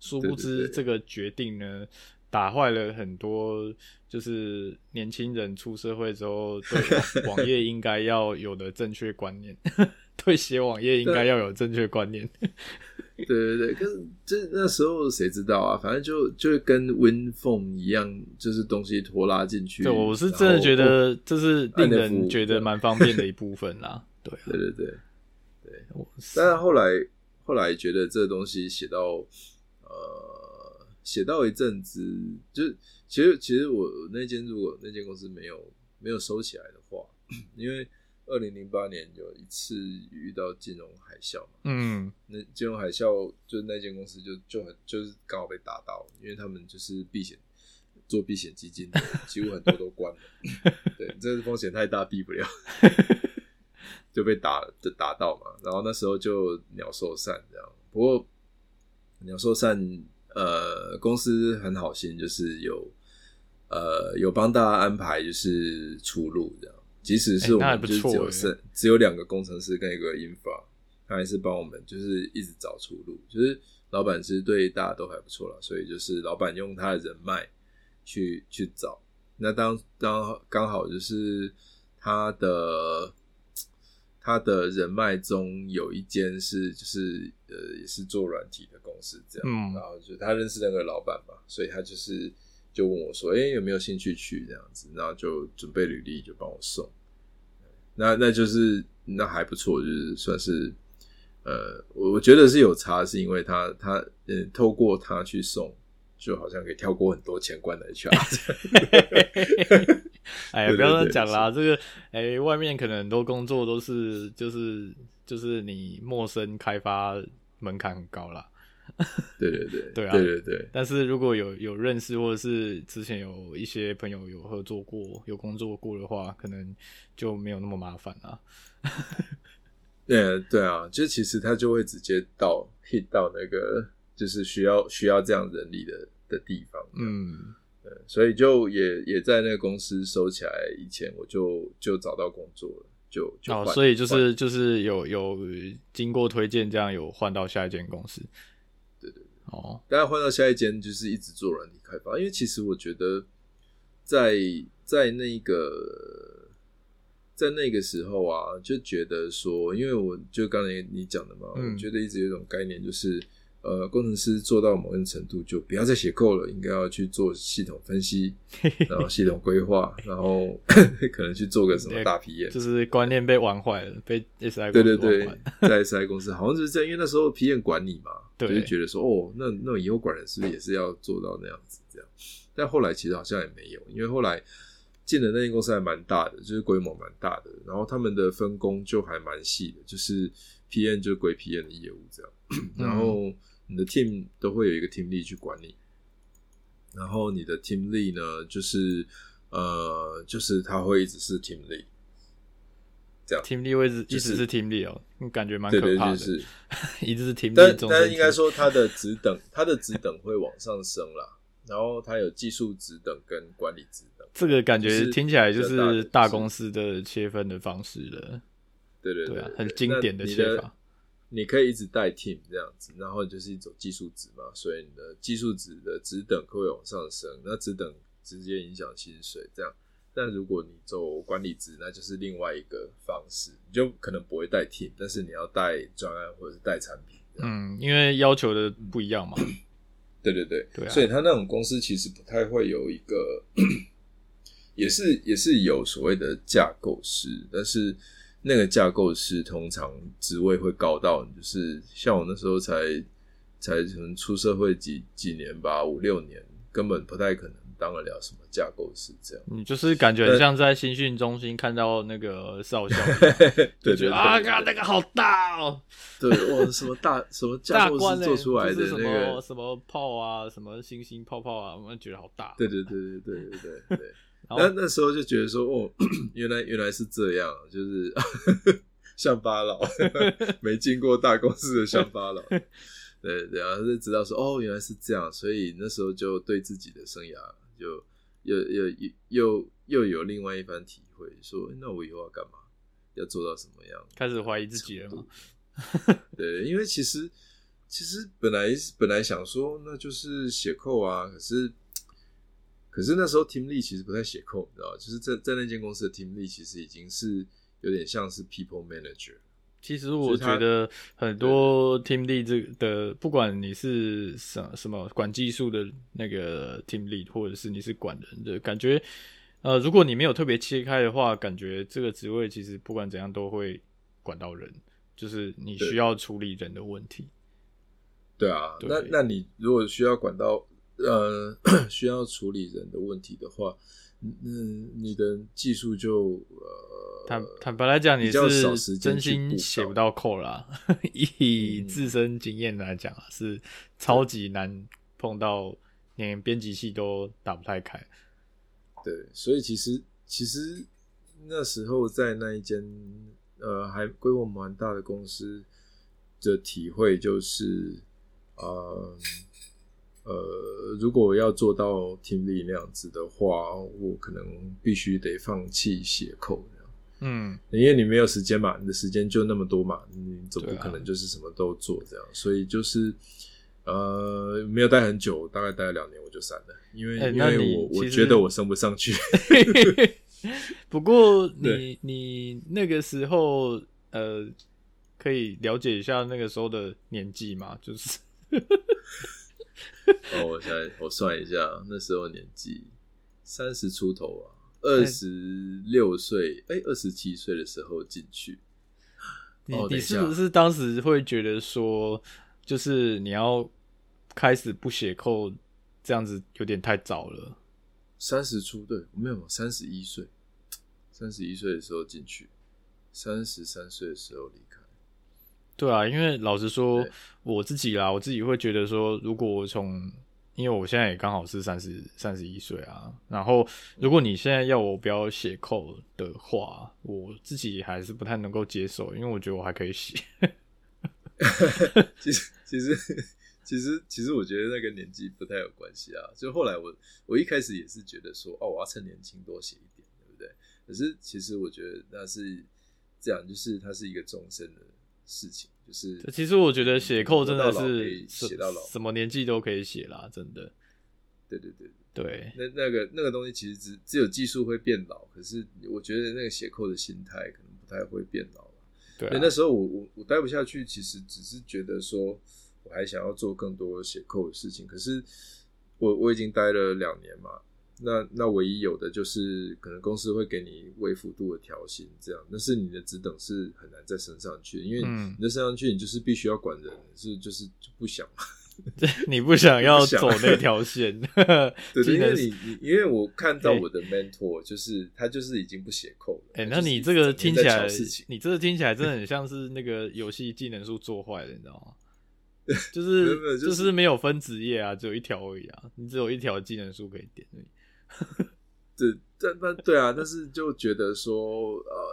殊不知這個決定呢，對對對，打壞了很多就是年輕人出社會之後對網頁應該要有的正確觀念， (laughs) (laughs) 對寫網頁應該要有正確觀念。對對對，可是就那時候誰知道啊？反正就就跟 Win Phone 一樣，就是東西拖拉進去。對，我是真的覺得這是令人覺得蠻方便的一部分啦。對、啊、對對對對，對我是但是後來後來覺得這個東西寫到。寫到一陣子，就其實其實我那間如果那間公司沒有沒有收起來的話，因為二零零八年有一次遇到金融海嘯嘛，嗯，那金融海嘯就那間公司就就很就是剛好被打到，因為他們就是避險做避險基金的，幾乎很多都關了，對，這個風險太大避不了， (laughs) 就被打就打到嘛，然後那時候就鳥獸散這樣，不過鳥獸散。呃，公司很好心，就是有呃有幫大家安排就是出路這樣，即使是我們、欸、不、欸、就是只有剩只有兩個工程師跟一個 infra，他還是幫我們就是一直找出路。就是老闆其實對大家都還不錯啦，所以就是老闆用他的人脈去去找，那當當剛好就是他的。他的人脈中有一間是就是呃也是做軟體的公司這樣，然後就他認識那個老闆嘛，所以他就是就問我說，哎，有沒有興趣去這樣子，然後就準備履歷就幫我送，那那就是那還不錯，就是算是呃，我我覺得是有差，是因為他他，嗯，透過他去送。就好像可以跳過很多前關來去啊，哎，不要這樣講啦，是這個哎，外面可能很多工作都是就是就是你陌生開發門檻很高啦， (laughs) 對對對，對啊，對，對對對。但是如果有有認識或者是之前有一些朋友有合作過、有工作過的話，可能就沒有那麼麻煩啊。嗯 (laughs) ，yeah, 對啊，就其實他就會直接到 hit 到那個。就是需要需要這樣人力的的地方的，嗯，對、嗯，所以就也也在那個公司收起來以前，我就就找到工作了，就就哦，所以就是換就是有有經過推薦，這樣有換到下一間公司，對對對，哦，大家換到下一間就是一直做軟體開發，因為其實我覺得在在那個在那個時候啊，就覺得說，因為我就剛才你講的嘛，嗯、我覺得一直有一種概念就是。呃，工程師做到某一定程度就不要再寫 code 了，應該要去做系統分析，然後系統規劃， (laughs) 然後 (laughs) 可能去做個什麼大 PM，就是觀念被玩壞了，被 S I 公司。對對對， 在 S I 公司 (laughs) 好像就是這樣，因為那時候 PM 管理嘛，對對對就是覺得說哦，那那以後管人是不是也是要做到那樣子這樣？但後來其實好像也沒有，因為後來進的那間公司還蠻大的，就是規模蠻大的，然後他們的分工就還蠻細的，就是 PM 就歸 PM 的業務這樣，嗯、然後。你的 team 都會有一個 team lead 去管理，然後你的 team lead 呢，就是呃，就是他會一直是 team lead，這樣 team lead 會置一,一，直一直是 team lead 哦，感覺蠻可怕的，一直是 team lead< 但>。但生但應該說，他的職等， (laughs) 他的職等會往上升啦。然後他有技術職等跟管理職等。這個感覺聽起來就是大公司的切分的方式了，對對對，對，對，對、啊、很經典的切法。你可以一直帶 team 這樣子，然後就是一種技術職嘛，所以你的技術職的職等會往上升，那職等直接影響薪水這樣。但如果你做管理職，那就是另外一個方式，你就可能不會帶 team，但是你要帶專案或者是帶產品。嗯，因為要求的不一樣嘛。 (coughs) 對對對，對、啊，所以他那種公司其實不太會有一個， (coughs) 也是也是有所謂的架構師，但是。那個架構師通常職位會高到，就是像我那時候才才可能出社會幾幾年吧，五六年，根本不太可能當得了什麼架構師。這樣，你就是感覺很像在新訓中心看到那個少校、啊，對 (laughs) 覺得 (laughs) 對對對對啊，God, 那個好大哦。對，哇，什麼大什麼架構師做出來的、 (laughs) 欸、什麼、那個、什麼炮啊，什麼星星泡泡啊，我們覺得好大、哦。對對對對對對對對。對 (laughs) 那、啊、那時候就覺得說哦咳咳，原來原來是這樣，就是呵呵鄉巴佬，沒進過大公司的鄉巴佬， (laughs) 對、啊，然後就知道說哦，原來是這樣，所以那時候就對自己的生涯就又又又又又有另外一番體會，說、欸、那我以後要幹嘛？要做到什麼樣？開始懷疑自己了嗎？對，因為其實其實本來本來想說那就是寫扣啊，可是。可是那時候，team lead 其實不太寫 code，你知道？就是在在那間公司的 team lead 其實已經是有點像是 people manager。其實我覺得很多 team lead 這的，不管你是什麼，什麼管技術的那個 team lead，或者是你是管人的，感覺呃，如果你沒有特別切開的話，感覺這個職位其實不管怎樣都會管到人，就是你需要處理人的問題。對，對，對啊，對那那你如果需要管到？呃，需要處理人的問題的話，嗯，你的技術就坦、呃、坦白來講，你是真心寫不到扣啦。嗯、以自身經驗來講，是超級難碰到，連編輯器都打不太開。對，所以其實其實那時候在那一間呃還規模蠻大的公司的體會就是，嗯、呃。呃，如果要做到聽力那樣子的話，我可能必須得放棄寫扣這樣，嗯，因為你沒有時間嘛，你的時間就那麼多嘛，你怎麼可能就是什麼都做這樣？啊、所以就是呃，沒有待很久，大概待了兩年我就散了，因為因為我我覺得我升不上去。 (laughs) (laughs) 不過你對你那個時候呃，可以了解一下那個時候的年紀嗎？就是。 (laughs) (laughs) 哦，我想我算一下，那時候年紀三十出頭啊，二十六歲，哎、欸，二十七歲的時候進去。你、哦、你是不是當時會覺得說，就是你要開始不寫扣這樣子有點太早了？三十出對，沒有，三十一歲，三十一歲的時候進去，三十三歲的時候離開。對啊，因為老實說，對我自己啦，我自己會覺得說，如果我從因為我現在也剛好是三十三十一歲啊，然後如果你現在要我不要寫扣的話，我自己還是不太能夠接受，因為我覺得我還可以寫。 (laughs) (laughs) 其實其實其實其實我覺得那個年紀不太有關係啊。就後來我我一開始也是覺得說，哦，我要趁年輕多寫一點，對不對？可是其實我覺得那是這樣，就是他是一個終身的。事情就是，其實我覺得寫扣真的是寫到老，什麼年紀都可以寫啦，真的。對對對對，對。那，那那個那個東西其實只只有技術會變老，可是我覺得那個寫扣的心態可能不太會變老。對啊，那時候我我我待不下去，其實只是覺得說我還想要做更多寫扣的事情，可是我我已經待了兩年嘛。那那唯一有的就是可能公司會給你微幅度的調薪這樣，但是你的職等是很難再升上去，因為你的升上去你就是必須要管人，是、嗯、就是就不想， (laughs) 你不想要走那條線。 (laughs) (laughs) 對。實能你你因為我看到我的 mentor 就是、欸、他就是已經不寫扣了。哎、欸，那你這個聽起來，你，你這個聽起來真的很像是那個遊戲技能樹做壞的，你知道嗎？ (laughs) 就是 (laughs) 就是沒有分職業啊，只有一條而已啊，你只有一條技能樹可以點。 (laughs) 對，但但對啊，但是就覺得說，呃，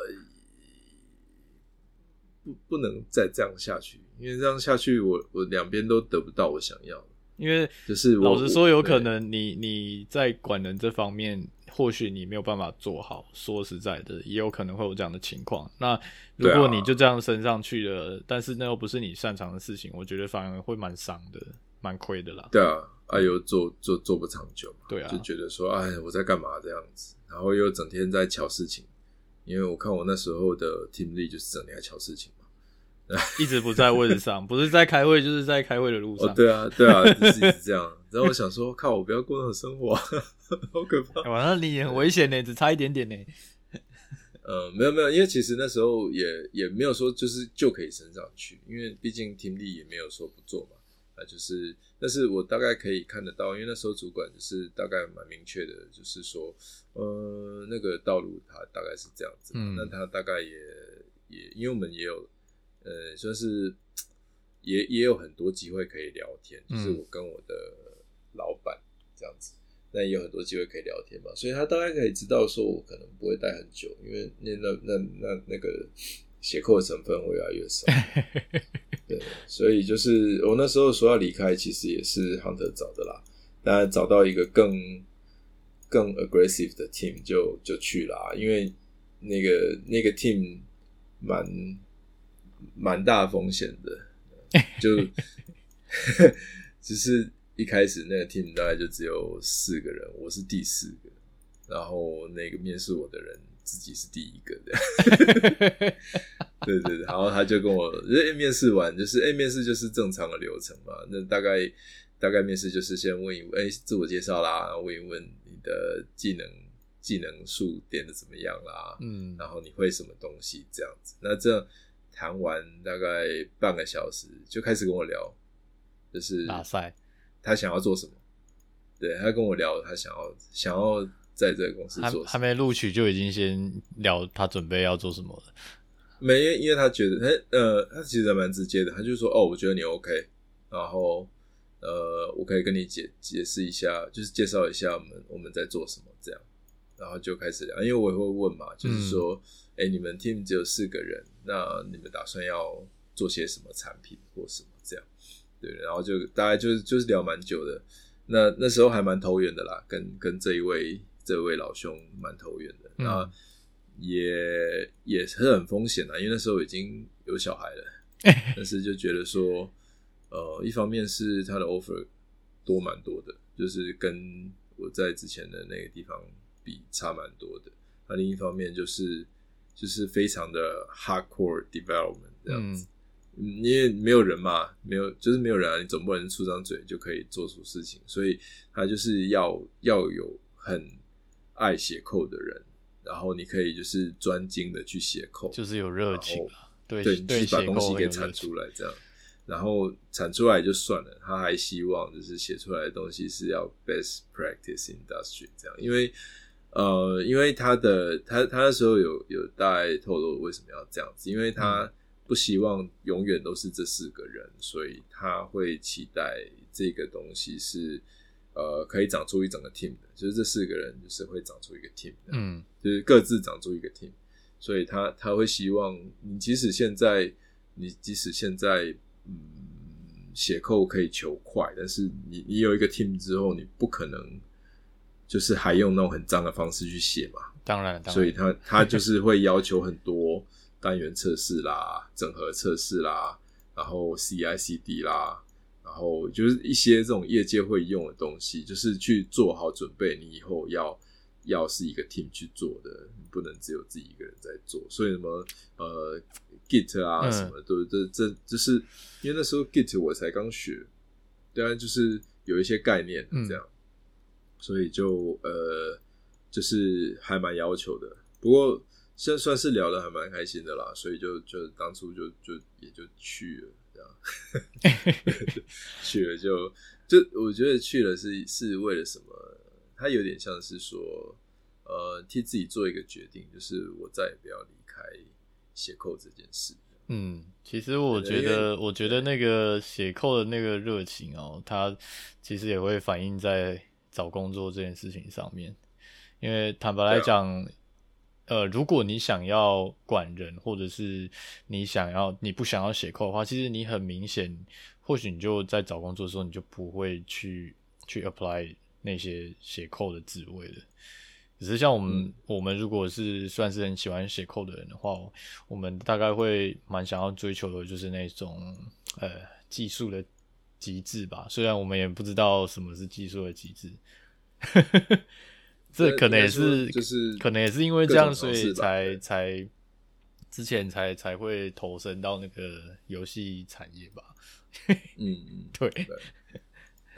不，不能再這樣下去，因為這樣下去我，我我兩邊都得不到我想要。因為就是老實說，有可能你你在管人這方面， (laughs) 或許你沒有辦法做好。說實在的，也有可能會有這樣的情況。那如果你就這樣升上去了，啊、但是那又不是你擅長的事情，我覺得反而會蠻傷的，蠻虧的啦。對啊。哎呦，又做做做不長久嘛，對啊、就覺得說，哎，我在幹嘛這樣子？然後又整天在喬事情，因為我看我那時候的 team lead 就是整天在喬事情嘛，一直不在位置上， (laughs) 不是在開會，就是在開會的路上。哦、對啊，對啊，就是一直這樣。 (laughs) 然後我想說，靠，我不要過那種生活， (laughs) 好可怕！哇，那你也很危險呢， (laughs) 只差一點點呢。呃、嗯，沒有沒有，因為其實那時候也也沒有說就是就可以升上去，因為畢竟 team lead 也沒有說不做嘛。啊，就是，但是我大概可以看得到，因為那時候主管就是大概蠻明確的，就是說，呃，那個道路它大概是這樣子，那他、嗯、大概也也，因為我們也有，呃，算是也也有很多機會可以聊天，嗯、就是我跟我的老闆這樣子，那也有很多機會可以聊天嘛，所以他大概可以知道說，我可能不會待很久，因為那那那那那個。寫 code 的成分，我越來越少，對，所以就是我那時候說要離開，其實也是 Hunter 找的啦。當然找到一個更更 aggressive 的 team 就就去了，因為那個那個 team 蠻蠻大風險的，就只 (laughs) (laughs) 是一開始那個 team 大概就只有四個人，我是第四個，然後那個面試我的人。自己是第一個的， (laughs) (laughs) 對對對，然後他就跟我，欸、就是、欸、面試完，就是哎，面試就是正常的流程嘛。那大概大概面試就是先問一哎問、欸、自我介紹啦，然後問一問你的技能技能樹點得怎麼樣啦，嗯，然後你會什麼東西這樣子。那這談完大概半個小時，就開始跟我聊，就是賽，他想要做什麼？對，他跟我聊他想要想要。在這個公司做，還沒錄取就已經先聊他準備要做什麼了。沒，因為因為他覺得，他呃，他其實還蠻直接的，他就說，哦，我覺得你 OK，然後，呃，我可以跟你解解釋一下，就是介紹一下我們我們在做什麼這樣，然後就開始聊，因為我也會問嘛，就是說，哎、嗯欸，你們 team 只有四個人，那你們打算要做些什麼產品或什麼這樣，對，然後就大概就是、就是聊蠻久的，那那時候還蠻投緣的啦，跟跟這一位。這位老兄蠻投緣的，那、嗯、也也是很風險啊，因為那時候已經有小孩了， (laughs) 但是就覺得說，呃，一方面是他的 offer 多蠻多的，就是跟我在之前的那個地方比差蠻多的，那另一方面就是就是非常的 hardcore development 這樣子，嗯、因為沒有人嘛，沒有、就是沒有人啊，你總不能出張嘴就可以做出事情，所以他就是要要有很。愛寫扣的人，然後你可以就是專精的去寫扣，就是有熱情，然後，對，對你去把東西給產出來這樣，然後產出來就算了，他還希望就是寫出來的東西是要 best practice industry 這樣，因為，呃，因為他的他他那時候有有大概透露為什麼要這樣子，因為他不希望永遠都是這四個人，所以他會期待這個東西是。呃，可以長出一整個 team 的，就是這四個人就是會長出一個 team 的。嗯，就是各自長出一個 team，所以他他會希望你，即使現在你即使現在嗯寫扣可以求快，但是你你有一個 team 之後，你不可能就是還用那種很髒的方式去寫嘛，當然，當然，所以他他就是會要求很多單元測試啦、 (laughs) 整合測試啦，然後 CI/CD 啦。然後就是一些這種業界會用的東西，就是去做好準備。你以後要要是一個 team 去做的，你不能只有自己一個人在做。所以什麼呃，Git 啊什麼的，都、嗯、這這就是因為那時候 Git 我才剛學，當然就是有一些概念這樣，嗯、所以就呃就是還蠻要求的。不過現在算是聊得還蠻開心的啦，所以就就當初就就也就去了。 (laughs) 去了就就我覺得去了是是為了什麼？他有點像是說，呃，替自己做一個決定，就是我再也不要離開寫扣這件事。嗯，其實我覺得，為我覺得那個寫扣的那個熱情哦、喔，他其實也會反映在找工作這件事情上面，因為坦白來講。呃，如果你想要管人，或者是你想要，你不想要寫 code 的話，其實你很明顯，或許你就在找工作的時候，你就不會去去 apply 那些寫 code 的職位了。只是像我們，嗯、我們如果是算是很喜歡寫 code 的人的話，我們大概會蠻想要追求的就是那種呃技術的極致吧。雖然我們也不知道什麼是技術的極致。呵呵呵。但這可能也是，就是可能也是因為這樣，所以才、嗯、才之前才才會投身到那個遊戲產業吧。 (laughs) 對嗯，對。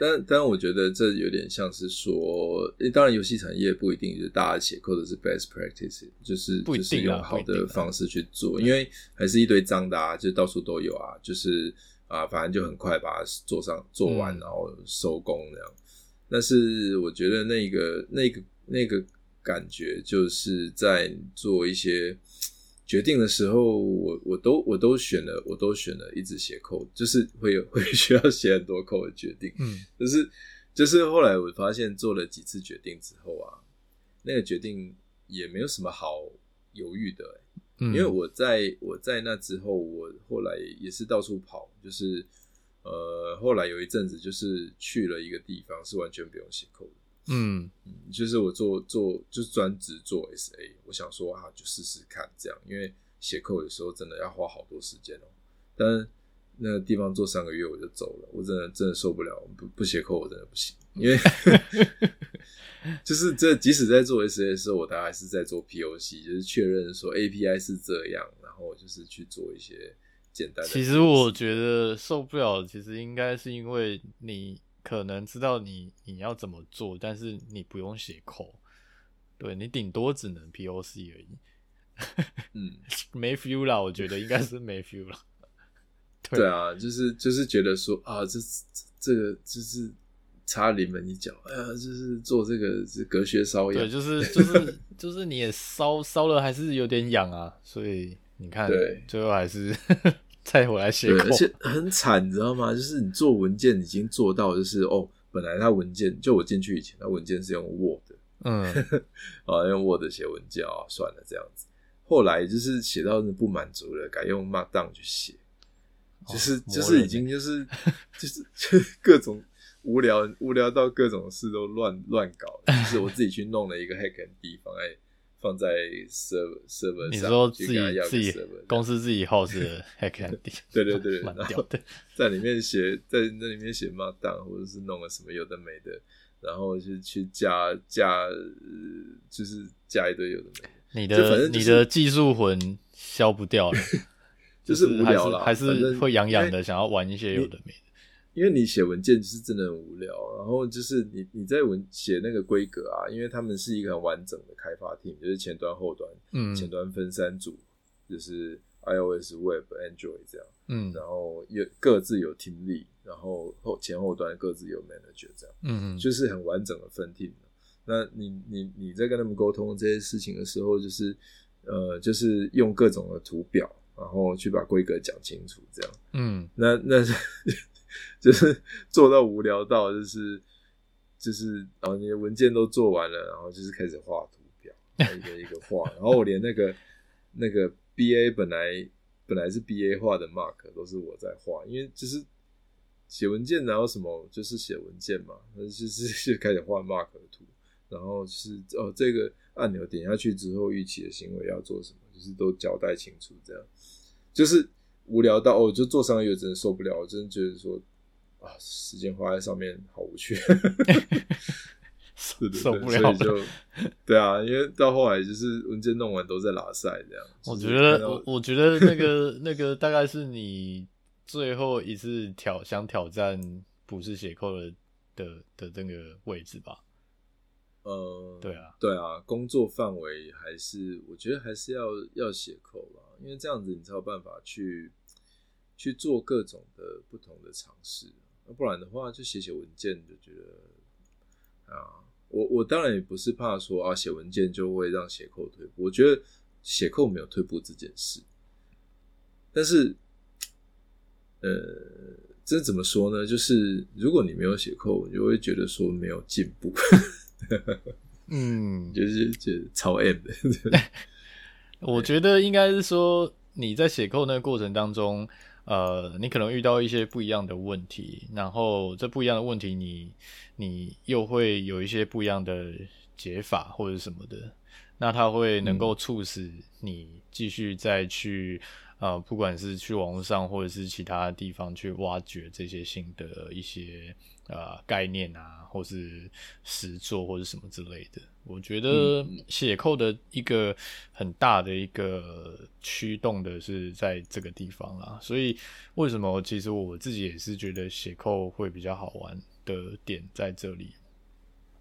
但但我覺得這有點像是說，欸、當然遊戲產業不一定就是大家寫或者是 best practice，就是不一定、啊、就是用好的方式去做，啊、因為還是一堆髒的啊，對就到處都有啊，就是啊，反正就很快把它做上做完，然後收工這樣。嗯、但是我覺得那個那個。那個感覺就是在做一些決定的時候，我我都我都選了，我都選了一直寫扣，就是會有會需要寫很多扣的決定。嗯，就是就是後來我發現做了幾次決定之後啊，那個決定也沒有什麼好猶豫的欸。嗯，因為我在我在那之後，我後來也是到處跑，就是呃後來有一陣子就是去了一個地方，是完全不用寫扣的。嗯，就是我做做就是專職做 SA，我想說啊，就試試看這樣，因為寫扣的時候真的要花好多時間哦。但那個地方做三個月我就走了，我真的真的受不了，不不寫扣我真的不行。因為 (laughs) 就是這即使在做 SA 的時候，我大概是在做 POC，就是確認說 API 是這樣，然後就是去做一些簡單的。其實我覺得受不了，其實應該是因為你。可能知道你你要怎麼做，但是你不用寫 code，對，你頂多只能 POC 而已。 (laughs) 嗯，沒 feel 了，我覺得應該是沒 feel 了。 (laughs) 對，對啊，就是就是覺得說啊，這這個就是插你們一腳，呃、啊，就是做這個是隔靴搔癢。對，就是就是就是你也搔搔了， (laughs) 還是有點癢啊。所以你看，對，最後還是。 (laughs) 再我來寫，對，而且很慘，你知道嗎？就是你做文件已經做到，就是哦，本來他文件就我進去以前，他文件是用 Word，嗯，啊呵呵、哦，用 Word 寫文件啊、哦，算了，這樣子。後來就是寫到不滿足了，改用 Markdown 去寫，哦、就是就是已經就是就是就各種無聊無聊到各種事都亂亂搞了，嗯、就是我自己去弄了一個 HackMD 方哎。放在 server server 上，你說自己自己公司自己 host 是還可以，對 (laughs) 對對對，蠻屌的。在裡面寫在那裡面寫 markdown，或者是弄個什麼有的沒的，然後就去加加、呃，就是加一堆有的沒的。你的、就是、你的技術魂消不掉了， (laughs) 就是無聊了，還是，還是會癢癢的，想要玩一些有的沒的。欸因為你寫文件是真的很無聊，然後就是你你在文寫那個規格啊，因為他們是一個很完整的開發 team，就是前端後端，嗯，前端分三組，就是 iOS、Web、Android 這樣，嗯，然後有各自有 team lead，然後後前後端各自有 manager 這樣，嗯嗯，就是很完整的分 team。那你你你在跟他們溝通這些事情的時候，就是呃，就是用各種的圖表，然後去把規格講清楚這樣，嗯，那那。那是 (laughs) 就是做到無聊到，就是，就是就是，啊，你的文件都做完了，然後就是開始畫圖表，一個一個畫。然後我連那個那個 B A 本來本來是 B A 畫的 Mark 都是我在畫，因為就是寫文件，然後什麼就是寫文件嘛，然後就是就開始畫 Mark 的圖。然後，就是哦，這個按鈕點下去之後預期的行為要做什麼，就是都交代清楚這樣。就是無聊到，我，哦，就做三個月真的受不了，我真的覺得說。啊，時間花在上面好無趣，受不了，熟的對。所以就對啊，因為到後來就是文件弄完都在拉賽這樣。 (laughs) 我覺得，我我覺得那個 (laughs) 那個大概是你最後一次挑想挑戰不是寫扣的的的那個位置吧？呃，對啊，對啊，工作範圍還是我覺得還是要要寫扣吧，因為這樣子你才有辦法去去做各種的不同的嘗試。不然的話，就寫寫文件就覺得啊我，我我當然也不是怕說啊，寫文件就會讓寫扣退步。我覺得寫扣沒有退步這件事，但是呃，這怎麼說呢？就是如果你沒有寫扣，你就會覺得說沒有進步，嗯，就是就超 M 的。我覺得應該是說你在寫扣那個過程當中。呃，你可能遇到一些不一樣的問題，然後這不一樣的問題你，你你又會有一些不一樣的解法或者什麼的，那它會能夠促使你繼續再去。啊、呃，不管是去網絡上，或者是其他地方去挖掘這些新的一些呃概念啊，或是實作，或是什麼之類的，我覺得寫扣的一個很大的一個驅動的是在這個地方啦。所以為什麼其實我自己也是覺得寫扣會比較好玩的點在這裡。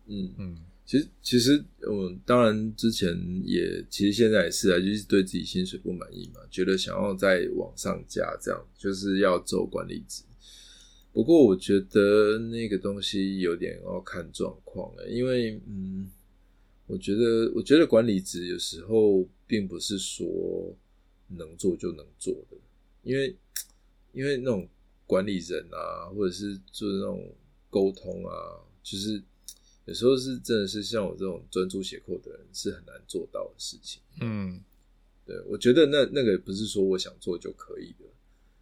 嗯嗯。嗯。其實，其實我當然之前也，其實現在也是啊，就是對自己薪水不滿意嘛，覺得想要再往上加，這樣就是要做管理職。不過我覺得那個東西有點要看狀況了，因為嗯，我覺得我覺得管理職有時候並不是說能做就能做的，因為因為那種管理人啊，或者是做那種溝通啊，就是。有時候是真的是像我這種專注寫 code 的人是很難做到的事情。嗯，對，我覺得那那個不是說我想做就可以的，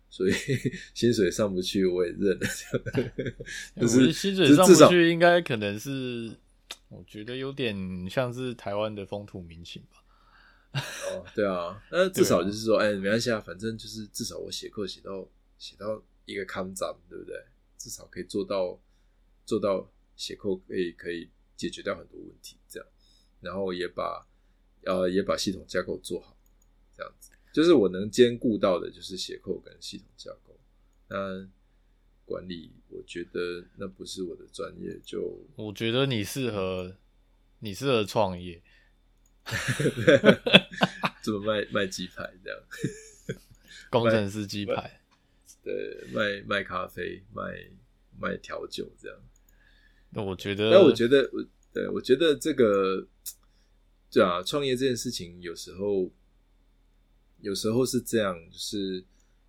所以呵呵薪水上不去我也認了。就是，是薪水上不去應該可能是我覺得有點像是台灣的風土民情吧。哦，對啊，那至少就是說， (laughs) 對哎，沒關係啊，反正就是至少我寫 code 寫到寫到一個坎站，對不對？至少可以做到做到。寫扣可以可以解決掉很多問題，這樣，然後也把，呃，也把系統架構做好，這樣子，就是我能兼顧到的，就是寫扣跟系統架構。那管理，我覺得那不是我的專業，就我覺得你適合，你適合創業，怎 (laughs) (laughs) 麼賣賣雞排這樣， (laughs) 工程師雞排，對，賣賣咖啡，賣賣調酒這樣。那我，我覺得，那我覺得，我對，我覺得這個，對啊，創業這件事情有時候，有時候是這樣，就是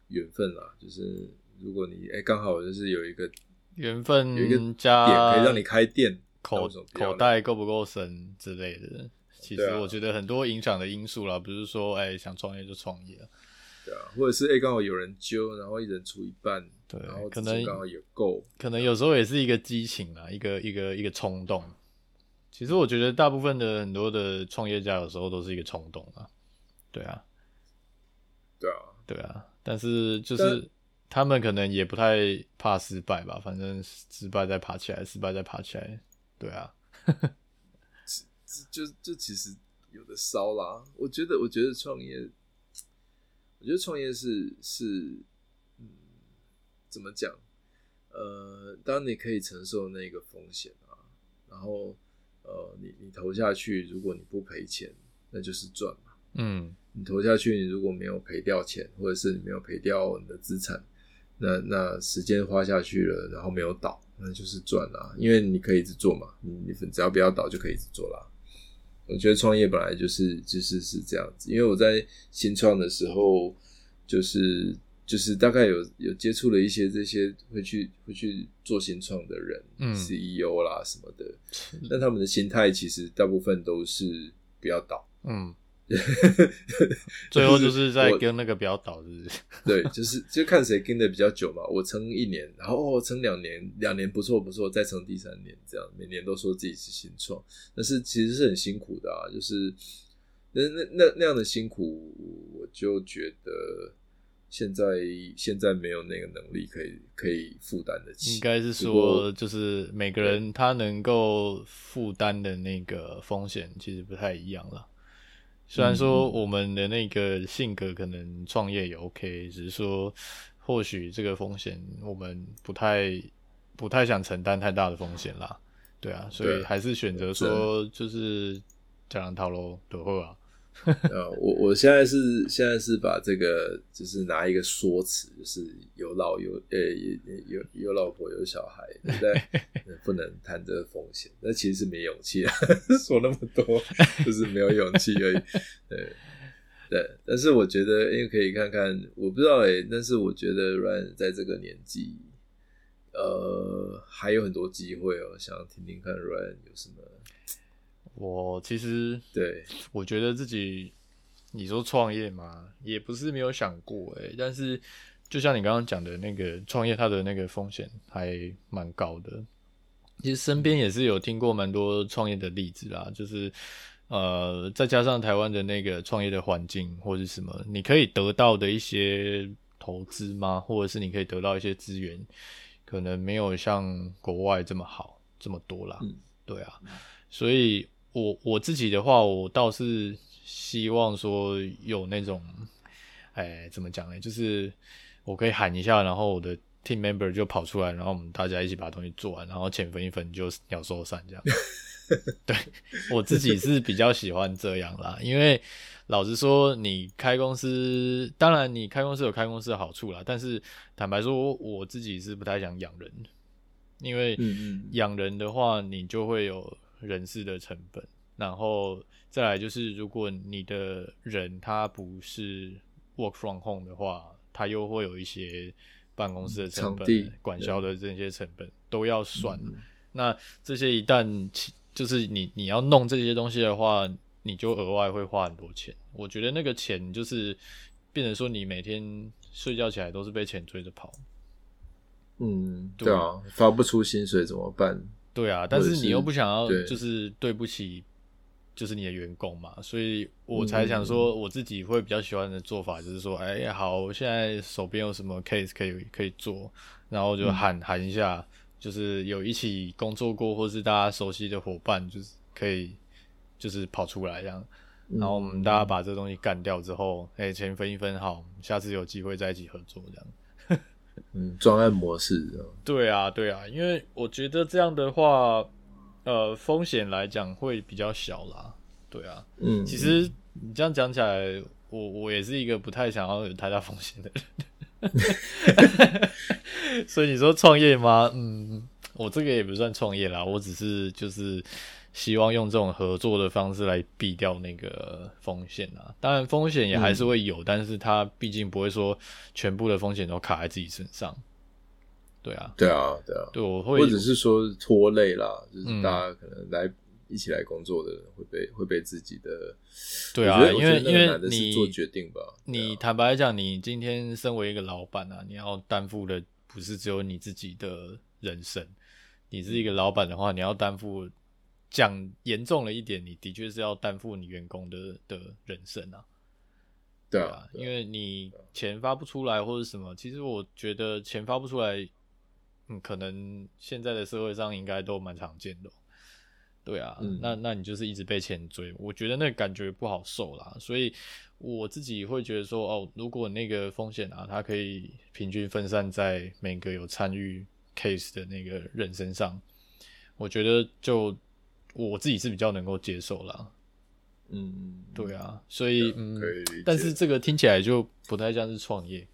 緣分啦。就是如果你哎，剛好就是有一個緣分，有一個點可以讓你開店，口，口袋夠不夠深之類的。其實我覺得很多影響的因素啦，不是說哎，想創業就創業了。對啊、或者是欸、剛好有人揪，然後一人出一半，對，然後可能剛好也夠，可能有時候也是一個激情啊，一，一個一個一個衝動。其實我覺得大部分的很多的創業家有時候都是一個衝動啊，對啊，對啊，對啊。但是就是但他們可能也不太怕失敗吧，反正失敗再爬起來，失敗再爬起來，對啊。這， (laughs) 就就，就其實有的燒啦，我覺得我覺得創業。我覺得創業是是，嗯，怎麼講？呃，當你可以承受那個風險啊，然後，呃，你你投下去，如果你不賠錢，那就是賺嘛。嗯，你投下去，你如果沒有賠掉錢，或者是你沒有賠掉你的資產，那那時間花下去了，然後沒有倒，那就是賺啊。因為你可以一直做嘛，你你只要不要倒就可以一直做啦。我覺得創業本來就是就是是這樣子，因為我在新創的時候，就是就是大概有有接觸了一些這些會去會去做新創的人，嗯，CEO 啦什麼的，但他們的心態其實大部分都是不要倒，嗯。 (laughs) 就是、最後就是在跟那個比較倒我是，是，對，就是就看誰跟的比較久嘛。我撐一年，然後我撐兩年，兩年不錯不錯，再撐第三年，這樣每年都說自己是新創，但是其實是很辛苦的啊。就是那那那那樣的辛苦，我就覺得現在現在沒有那個能力可以可以負擔得起。應該是說果，就是每個人他能夠負擔的那個風險其實不太一樣了。雖然說我們的那個性格可能創業也 OK、嗯、只是說或許這個風險我們不太不太想承擔太大的風險啦，對啊，所以還是選擇說就是講兩套路，對不對啊？對啊、 (laughs) 呃，我我現在是現在是把這個就是拿一個說辭，就是有老有呃、欸、有有有老婆有小孩，對不對？不能談這個風險，那 (laughs) 其實是沒勇氣 (laughs) 說那麼多，就是沒有勇氣而已。對對，但是我覺得因為、欸、可以看看，我不知道哎、欸，但是我覺得 Ryan 在這個年紀，呃，還有很多機會哦、喔，想聽聽看 Ryan 有什麼。我其實對，我覺得自己你說創業嘛，也不是沒有想過誒。但是就像你剛剛講的那個創業，它的那個風險還蠻高的。其實身邊也是有聽過蠻多創業的例子啦，就是呃，再加上台灣的那個創業的環境或者什麼，你可以得到的一些投資嗎？或者是你可以得到一些資源，可能沒有像國外這麼好，這麼多啦。對啊，所以。我我自己的話，我倒是希望說有那種，哎、欸，怎麼講呢？就是我可以喊一下，然後我的 team member 就跑出來，然後我們大家一起把東西做完，然後錢分一分就鳥獸散這樣。 (laughs) 對，我自己是比較喜歡這樣啦，因為老實說，你開公司，當然你開公司有開公司的好處啦，但是坦白說我，我自己是不太想養人，因為養人的話，你就會有。人事的成本，然後再來就是，如果你的人他不是 work from home 的話，他又會有一些辦公室的成本、場地、管銷的這些成本都要算。嗯、那這些一旦就是你你要弄這些東西的話，你就額外會花很多錢。我覺得那個錢就是變成說，你每天睡覺起來都是被錢追着跑。嗯，對啊，發不出薪水怎麼辦？對啊，是但是你又不想要，就是對不起，就是你的員工嘛，對所以我才想說，我自己會比較喜歡的做法，就是說，嗯、哎，好，我現在手邊有什麼 case 可以可以做，然後就喊、嗯、喊一下，就是有一起工作過或是大家熟悉的夥伴，就是可以，就是跑出來這樣，然後我們大家把這東西幹掉之後，哎，錢分一分好，下次有機會再一起合作這樣。嗯，專案模式、嗯。對啊，對啊，因為我覺得這樣的話，呃，風險來講會比較小啦。對啊，嗯，其實你這樣講起來，我我也是一個不太想要有太大風險的人。哈哈哈哈哈！所以你說創業嗎？嗯，我這個也不算創業啦，我只是就是。希望用這種合作的方式來避掉那個風險啊！當然風險也還是會有，嗯、但是它畢竟不會說全部的風險都卡在自己身上。對啊，對啊，對啊，對，我會或者是說拖累啦，就是大家可能來、嗯、一起來工作的人會被會被自己的。對啊，因為因為你做決定吧。你，對啊，你坦白來講，你今天身為一個老闆啊，你要擔負的不是只有你自己的人生。你是一個老闆的話，你要擔負。講嚴重了一點，你的確是要擔負你員工的的人生啊。對啊，因為你錢發不出來或者什麼，其實我覺得錢發不出來，嗯，可能現在的社會上應該都蠻常見的喔。對啊，嗯。那那你就是一直被錢追，我覺得那感覺不好受啦。所以我自己會覺得說，哦，如果那個風險啊，它可以平均分散在每個有參與 case 的那個人身上，我覺得就。我自己是比較能夠接受啦。嗯，對啊，所以嗯，嗯可以，但是這個聽起來就不太像是創業，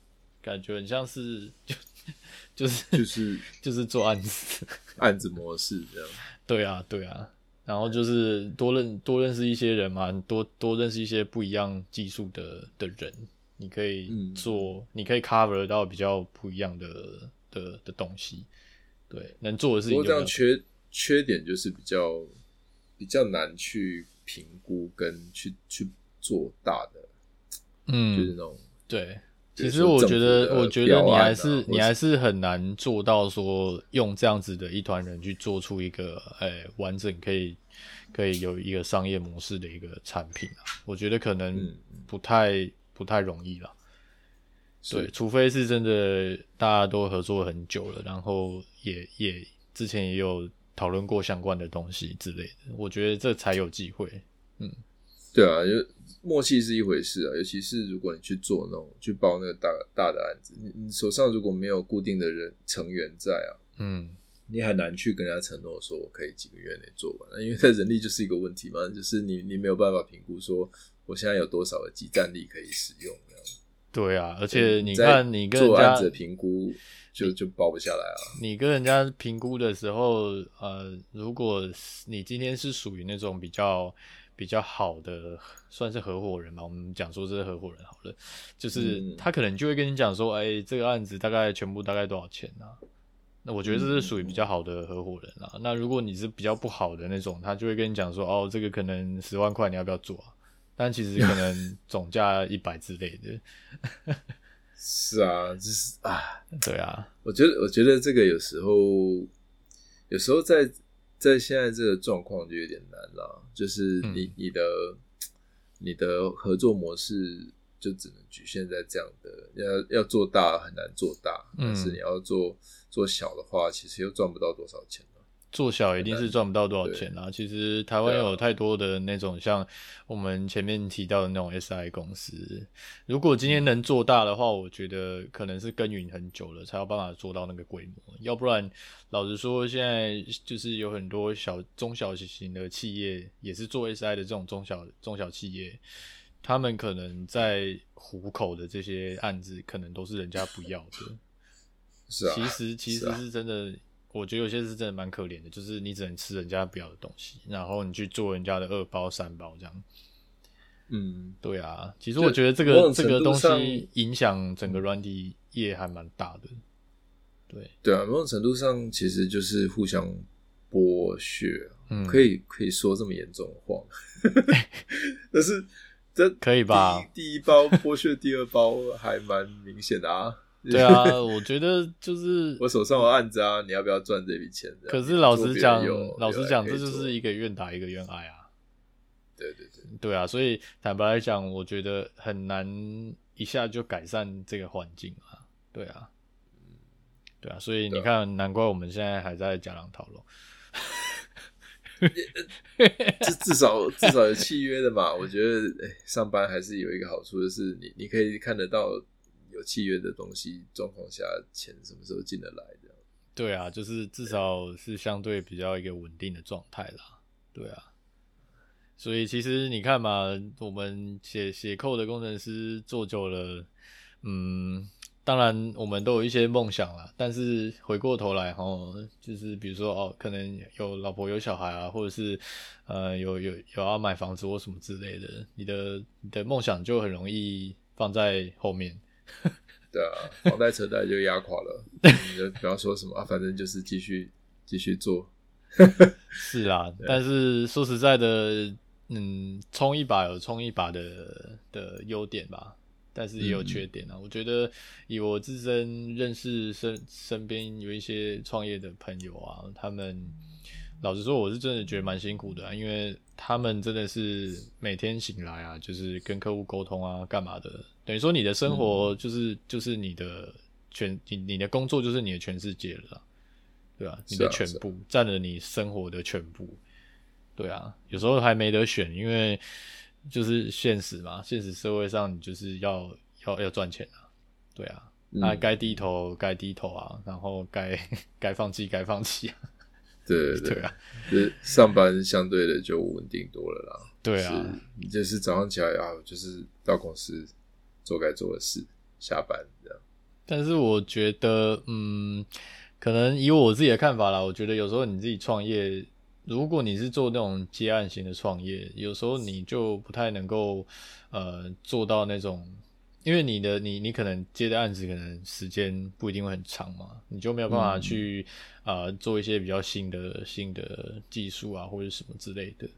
感覺很像是就就是就是 (laughs) 就是做案子 (laughs) 案子模式這樣，對啊對啊，然後就是多認多認識一些人嘛，多多認識一些不一樣技術的的人，你可以做，嗯、你可以 cover 到比較不一樣的的的東西，對，能做的事情。不過這樣缺缺點就是比較。比較難去評估跟去去做大的，嗯，就是那種。對，啊、其實我覺得，我覺得你還是,是你還是很難做到說用這樣子的一團人去做出一個誒、欸、完整可以可以有一個商業模式的一個產品、啊、我覺得可能不太、嗯、不太容易了。是對，除非是真的大家都合作很久了，然後也也之前也有。討論過相關的東西之類的，我覺得這才有機會。嗯，對啊，默契是一回事啊，尤其是如果你去做那種去包那個大大的案子，你手上如果沒有固定的人成員在啊，嗯，你很難去跟人家承諾說我可以幾個月內做完，因為在人力就是一個問題嘛，就是你你沒有辦法評估說我現在有多少的即戰力可以使用。對啊，而且、啊、你，在 你看你跟做案子的評估。你就就包不下來了。你跟人家評估的時候，呃，如果你今天是屬於那種比較比較好的，算是合夥人吧，我們講說這是合夥人好了，就是他可能就會跟你講說，嗯、哎，這個案子大概全部大概多少錢呢、啊？那我覺得這是屬於比較好的合夥人啊。嗯、那如果你是比較不好的那種，他就會跟你講說，哦，這個可能十萬塊，你要不要做、啊？但其實可能總價一百之類的。 (laughs) 是啊，就是啊，對啊，我覺得，我覺得這個有時候，有時候在在現在這個狀況就有點難了，就是你、嗯、你的你的合作模式就只能局限在這樣的，要要做大很難做大，但是你要做做小的話，其實又賺不到多少錢。做小一定是賺不到多少錢啦。其實台灣有太多的那種像我們前面提到的那種 S I 公司，如果今天能做大的話，我覺得可能是耕耘很久了才有辦法做到那個規模。要不然，老實說，現在就是有很多小中小型的企業，也是做 S I 的這種中小中小企業，他們可能在虎口的這些案子，可能都是人家不要的。是啊，其實其實是真的。我覺得有些是真的蠻可憐的，就是你只能吃人家不要的東西，然後你去做人家的二包三包這樣。嗯，對啊。其實我覺得這個這個東西影響整個軟體業還蠻大的。對對啊，某種程度上其實就是互相剝削，嗯，可以可以說這麼嚴重的話。 (laughs) 但是這 (laughs) 可以吧？第一包剝削，第二包還蠻明顯的啊。對啊，我覺得就是 (laughs) 我手上有案子啊，你要不要賺這筆錢這樣？可是老實講，老實講，這就是一個願打一個願挨啊。對對對，對啊，所以坦白來講，我覺得很難一下就改善這個環境啊。對啊，對啊，所以你看，啊、難怪我們現在還在家長討論。至至少至少有契約的嘛。 (laughs) 我覺得、欸、上班還是有一個好處，就是你你可以看得到。有契約的東西，狀況下錢什麼時候進得來的？對啊，就是至少是相對比較一個穩定的狀態啦。對啊，所以其實你看嘛，我們寫寫扣的工程師做久了，嗯，當然我們都有一些夢想啦。但是回過頭來哦，就是比如說哦，可能有老婆有小孩啊，或者是呃有有有要買房子或什麼之類的，你的你的夢想就很容易放在後面。 (laughs) 對啊，房貸車貸就壓垮了， (laughs) 你就不要說什麼，啊、反正就是繼續繼續做。 (laughs) 是啊，啊但是說實在的，嗯，衝一把有衝一把的的優點吧，但是也有缺點啊。嗯、我覺得以我自身認識身身邊有一些創業的朋友啊，他們。老實說，我是真的覺得蠻辛苦的，啊，因為他們真的是每天醒來啊，就是跟客戶溝通啊，幹嘛的？等於說你的生活就是，嗯、就是你的全，你你的工作就是你的全世界了，對吧，啊？你的全部佔，啊啊、了你生活的全部，對啊，有時候還沒得選，因為就是現實嘛，現實社會上你就是要要要賺錢啊，對啊，那該，嗯、低頭該低頭啊，然後該該放棄該放棄，啊。對對對，對啊，上班相對的就穩定多了啦。對啊，你就是早上起來啊，就是到公司做該做的事，下班這樣。但是我覺得，嗯，可能以我自己的看法啦，我覺得有時候你自己創業，如果你是做那種接案型的創業，有時候你就不太能夠呃做到那種。因為你的你你可能接的案子可能時間不一定會很長嘛，你就沒有辦法去啊、嗯呃、做一些比較新的新的技術啊或者什麼之類的，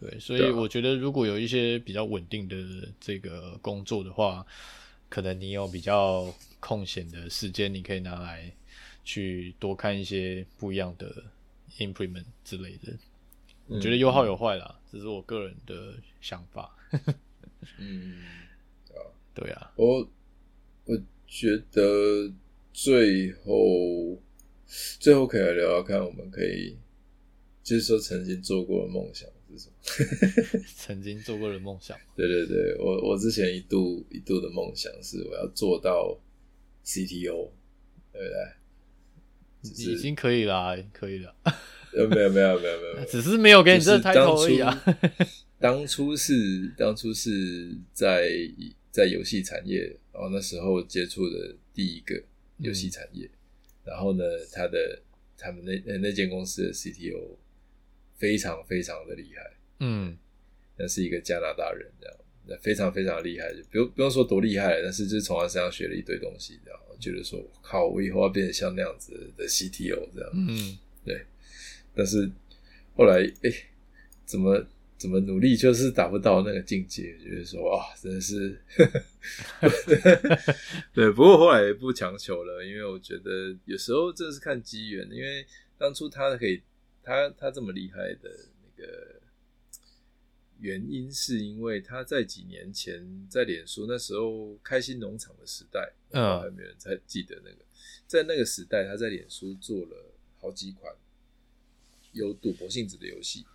對，所以我覺得如果有一些比較穩定的這個工作的話，可能你有比較空閒的時間，你可以拿來去多看一些不一樣的 implement 之類的。你覺得有好有壞啦，嗯、這是我個人的想法。嗯。對啊，我我覺得最後最後可以來聊聊看，我們可以就是說曾經做過的夢想是什麼？ (laughs) 曾經做過的夢想？對對對，我我之前一度一度的夢想是我要做到 CTO，對不對？已經可以了、啊，可以了，沒有沒有沒有沒有，沒有沒有沒有，只是沒有給你這個抬頭而已啊。 (laughs) 當初是當初是在。在遊戲產業，哦，那時候接觸的第一個遊戲產業，嗯、然後呢，他的他們那那間公司的 CTO 非常非常的厲害，嗯，那是一個加拿大人，這樣，那非常非常厲害，就不用不用說多厲害，但是就是從他身上學了一堆東西，然後覺得說，靠，我以後要變得像那樣子的 CTO 這樣，嗯，對，但是後來，誒、欸、怎麼？怎麼努力就是達不到那個境界，就是說哇、啊，真的是， (laughs) (laughs) 對，不過後來也不強求了，因為我覺得有時候真的是看機緣，因為當初他可以，他他這麼厲害的那個原因，是因為他在幾年前在臉書那時候開心農場的時代，啊、嗯，有沒有人還記得那個？在那個時代，他在臉書做了好幾款有賭博性質的遊戲。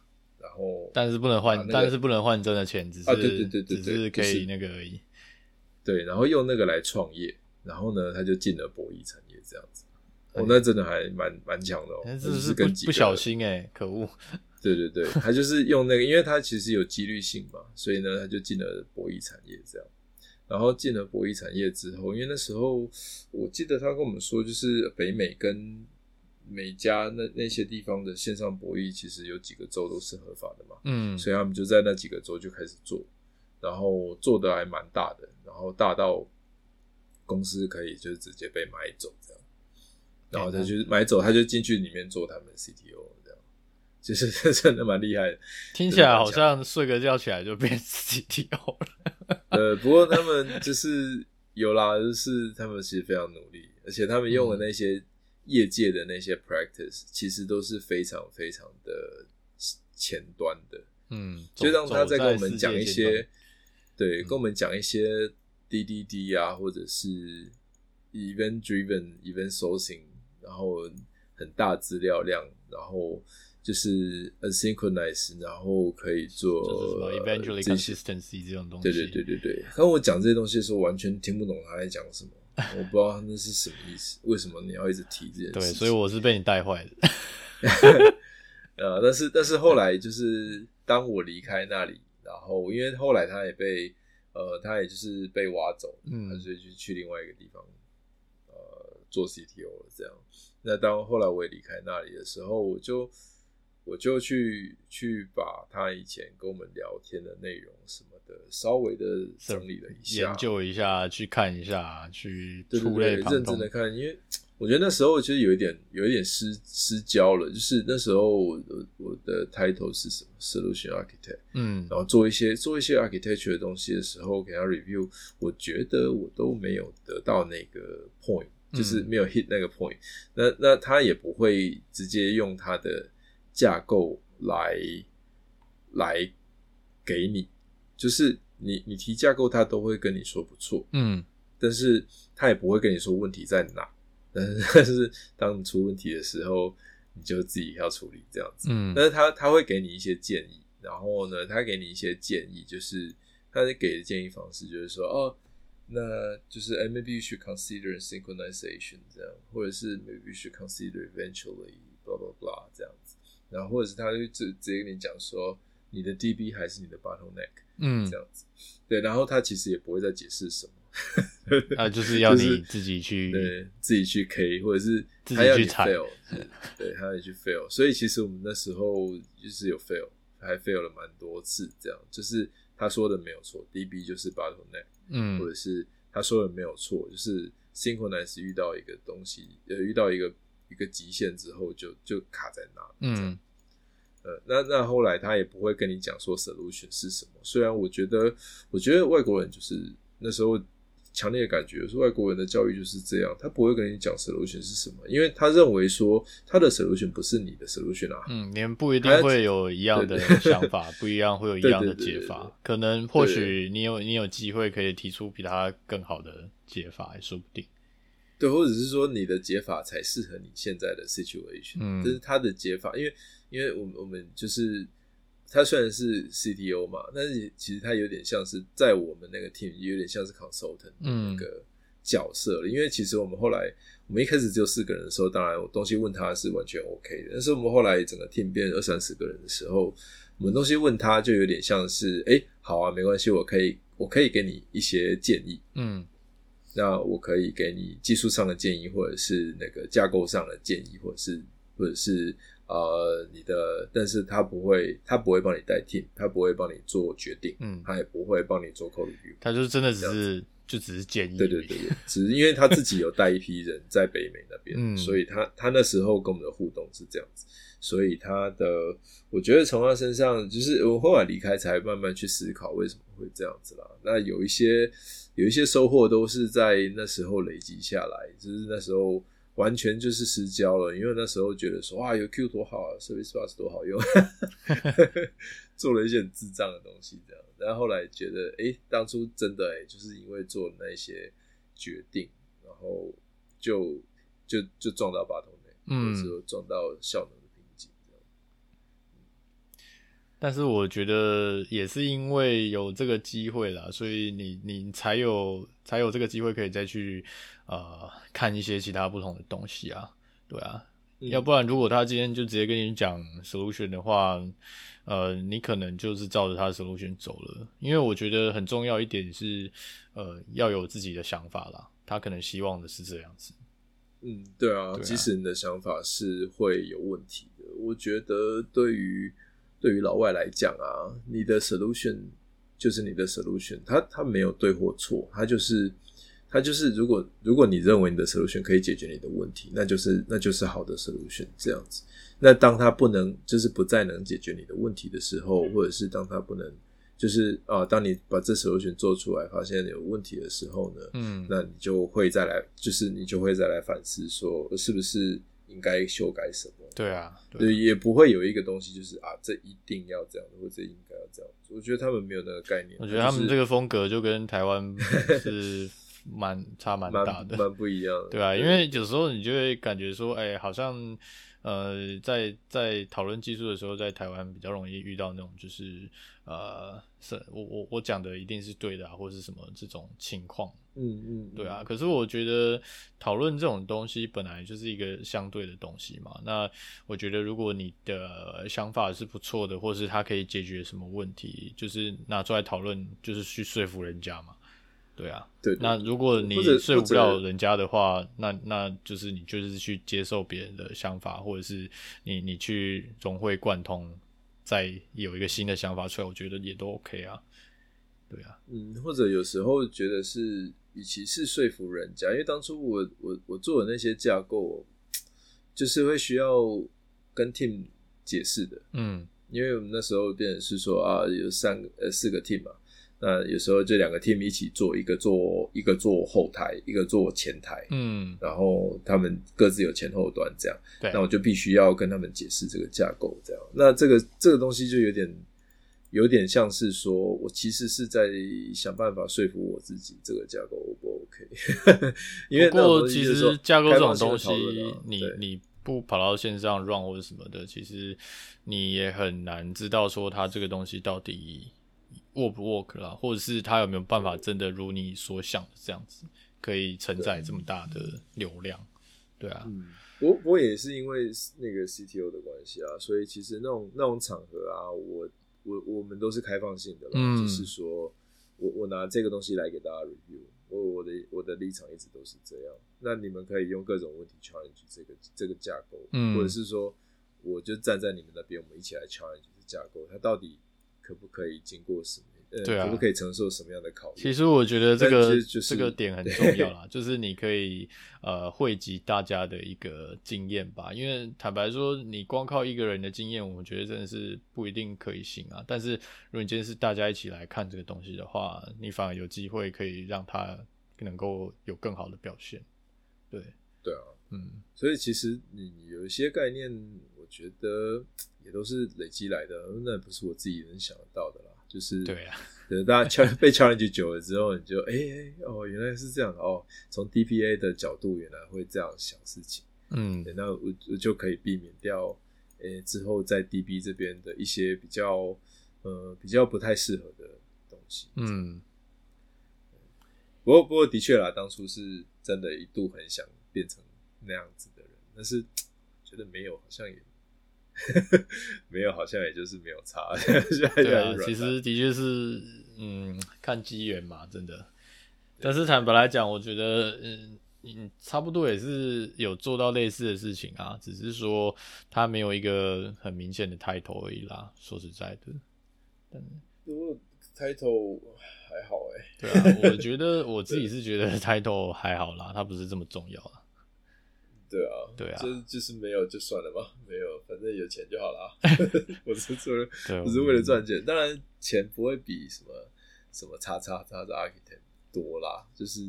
然後，但是不能換，啊那個、但是不能換真的錢，只是啊，對對對對對，只是可以那個而已、就是。對，然後用那個來創業，然後呢，他就進了博弈產業這樣子。哎、哦，那真的還蠻蠻強的。哦。這是跟不不小心哎、欸，可惡。對對對，他就是用那個，因為他其實有幾率性嘛， (laughs) 所以呢，他就進了博弈產業這樣。然後進了博弈產業之後，因為那時候我記得他跟我們說，就是北美跟。每家那那些地方的線上博弈，其實有幾個州都是合法的嘛，嗯，所以他們就在那幾個州就開始做，然後做的還蠻大的，然後大到公司可以就直接被買走這樣，然後他就買走，他就進去裡面做他們 CTO 這樣，其實真的蠻厲害的，聽起來好像睡個覺起來就變 CTO 了，嗯， (laughs) 呃，不過他們就是有啦，就是他們其實非常努力，而且他們用的那些，嗯。業界的那些 practice 其實都是非常非常的前端的，嗯，就讓他再跟我們講一些，對，嗯、跟我們講一些 DDD 啊，或者是 event driven, event sourcing，然後很大資料量，然後就是 asynchronize，然後可以做、呃、eventually consistency 這種東西。對對對對對。當我講這些東西的時候，完全聽不懂他在講什麼。我不知道他那是什麼意思，為什麼你要一直提這件事情？對，所以我是被你帶壞的。 (laughs) 呃，但是但是後來就是當我離開那裡，然後因為後來他也被呃，他也就是被挖走，嗯，他所以就去另外一個地方，呃，做 CTO 這樣。那當後來我也離開那裡的時候，我就我就去去把他以前跟我們聊天的內容什麼，稍微的整理了一下，研究一下，去看一下，去，對對對，認真的看，因為我覺得那時候其實有一點有一點失失焦了，就是那時候我的我的 title 是什麼，solution architect，嗯，然後做一些做一些 architecture 的東西的時候，給他 review，我覺得我都沒有得到那個 point，就是沒有 hit 那個 point，嗯，那那他也不會直接用他的架構來來給你。就是你你提架構，他都會跟你說不錯，嗯，但是他也不會跟你說問題在哪，但是但是當你出問題的時候，你就自己要處理這樣子，嗯，但是他他會給你一些建議，然後呢，他給你一些建議，就是他給的建議方式，就是說哦，那就是 maybe you should consider synchronization 這樣，或者是 maybe you should consider eventually blah blah blah 這樣子，然後或者是他就直直接跟你講說。你的 DB 還是你的 bottleneck，嗯，這樣子，對，然後他其實也不會再解釋什麼，他、啊、就是要你自己去、就是，對，自己去 K，或者是他要 fail, 去 fail，對,對，他要去 fail， (laughs) 所以其實我們那時候就是有 fail，還 fail 了蠻多次，這樣，就是他說的沒有錯，DB 就是 bottleneck，嗯，或者是他說的沒有錯，就是 synchronize 遇到一個東西，呃，遇到一個一個極限之後就就卡在那，嗯。呃，那那後來他也不會跟你講說 solution 是什麼。雖然我覺得，我覺得外國人就是那時候強烈的感覺，說外國人的教育就是這樣，他不會跟你講 solution 是什麼，因為他認為說他的 solution 不是你的 solution 啊。嗯，你們不一定會有一樣的想法，啊、對對對，不一樣會有一樣的解法。可能或許你有你有機會可以提出比他更好的解法，也說不定。對，或者是說你的解法才適合你現在的 situation。嗯，就是他的解法，因為。因為我們我們就是他雖然是 CTO 嘛，但是其實他有點像是在我們那個 team 也有點像是 consultant 那個角色了。嗯、因為其實我們後來我們一開始只有四個人的時候，當然我東西問他是完全 OK 的。但是我們後來整個 team 變二三十個人的時候，我們東西問他就有點像是哎、欸，好啊，沒關係，我可以我可以給你一些建議。嗯，那我可以給你技術上的建議，或者是那個架構上的建議，或者是或者是。呃，你的，但是他不會，他不會幫你帶 team，他不會幫你做決定，嗯，他也不會幫你做 code review，他就真的只是，這樣子就只是建議。對，對對對， (laughs) 只是因為他自己有帶一批人在北美那邊，嗯、所以他他那時候跟我們的互動是這樣子，所以他的，我覺得從他身上，就是我後來離開才慢慢去思考為什麼會這樣子啦。那有一些有一些收穫都是在那時候累積下來，就是那時候。完全就是失焦了，因為那時候覺得說，哇，有 Q 多好，Service 啊 b u s 多好用， (laughs) 做了一些很智障的東西這樣，但後來覺得誒、欸，當初真的誒、欸，就是因為做了那些決定，然後就就就撞到八通內，或者說撞到效能。但是我覺得也是因為有這個機會啦，所以你你才有才有這個機會可以再去呃看一些其他不同的東西啊，對啊，要不然如果他今天就直接跟你講 solution 的話，呃，你可能就是照着他的 solution 走了。因為我覺得很重要一點是，呃，要有自己的想法啦，他可能希望的是這樣子。嗯，對啊，對啊，即使你的想法是會有問題的，我覺得對於。對於老外來講啊，你的 solution 就是你的 solution，它它沒有對或錯，它就是它就是，如果如果你認為你的 solution 可以解決你的問題，那就是那就是好的 solution 這樣子。那當它不能，就是不再能解決你的問題的時候，嗯、或者是當它不能，就是啊，當你把這 solution 做出來發現有問題的時候呢，嗯，那你就會再來，就是你就會再來反思說，是不是應該修改什麼？對啊，對，也不會有一個東西就是啊，這一定要這樣，或者這應該要這樣。我覺得他們沒有那個概念。我覺得他們、就是、這個風格就跟台灣是蠻 (laughs) 差蠻大的蠻，蠻不一樣的。對啊，對。因為有時候你就會感覺說，哎，好像呃，在在討論技術的時候，在台灣比較容易遇到那種就是呃，是我我我講的一定是對的啊，或是什麼這種情況。嗯嗯，嗯對啊，可是我覺得討論這種東西本來就是一個相對的東西嘛。那我覺得如果你的想法是不錯的，或是它可以解決什麼問題，就是拿出來討論，就是去說服人家嘛。對啊，對，對。那如果你說服不了人家的話，或者那那就是你就是去接受別人的想法，或者是你你去融會貫通，再有一個新的想法出來，我覺得也都 OK 啊。對啊，嗯，或者有時候覺得是。與其是說服人家，因為當初我我我做的那些架構，就是會需要跟 team 解釋的，嗯，因為我們那時候變成是說啊，有三個呃四個 team 嘛，啊，那有時候就兩個 team 一起做一個做一個做後台，一個做前台，嗯，然後他們各自有前後端這樣，對那我就必須要跟他們解釋這個架構，這樣，那這個這個東西就有點。有點像是說，我其實是在想辦法說服我自己，這個架構 O 不 OK？ (laughs) 因為其實架構這種東西，對你你不跑到線上 run 或者什麼的，其實你也很難知道說它這個東西到底 work 不 work 啦，或者是它有沒有辦法真的如你所想的這樣子，可以承載這麼大的流量，對，對啊。嗯、我不過，我也是因為那個 CTO 的關係啊，所以其實那種那種場合啊，我。我我們都是開放性的了，嗯、就是說我我拿這個東西來給大家 review，我我的我的立場一直都是這樣。那你們可以用各種問題 challenge 這個這個架構，嗯、或者是說，我就站在你們那邊，我們一起來 challenge 這個架構，它到底可不可以經過什麼？嗯、對啊，可、不可以承受什麼樣的考驗？其實我覺得這個、就是、這個點很重要啦，對就是你可以呃匯集大家的一個經驗吧。因為坦白說，你光靠一個人的經驗，我覺得真的是不一定可以行啊。但是如果你今天是大家一起來看這個東西的話，你反而有機會可以讓他能夠有更好的表現。對，對啊，嗯，所以其實你有一些概念，我覺得也都是累積來的，那不是我自己能想得到的啦。就是對啊，等 (laughs) 大家敲被 challenge 久了之後，你就哎、欸欸、哦，原來是這樣哦。從 DBA 的角度，原來會這樣想事情，嗯，欸、那我，我就可以避免掉，哎、欸，之後在 DB 這邊的一些比較，呃，比較不太適合的東西，嗯。不過不過的確啦，當初是真的一度很想變成那樣子的人，但是覺得沒有，好像也。 (laughs) 沒有，好像也就是沒有差。 (laughs) 對啊，其實的確是，嗯，看機緣嘛，真的。但是坦白來講，我覺得，嗯，你、嗯、差不多也是有做到類似的事情啊，只是說他沒有一個很明顯的 title 而已啦，說實在的。如果 title 還好哎，對啊，我覺得我自己是覺得 title 還好啦，它不是這麼重要了。對啊，對啊，就是就是沒有就算了吧，沒有，反正有錢就好了。 (laughs) 我是，說 (laughs) 對是為了，我是為了賺錢，嗯、當然錢不會比什麼什麼叉叉叉的 architect 多啦。就是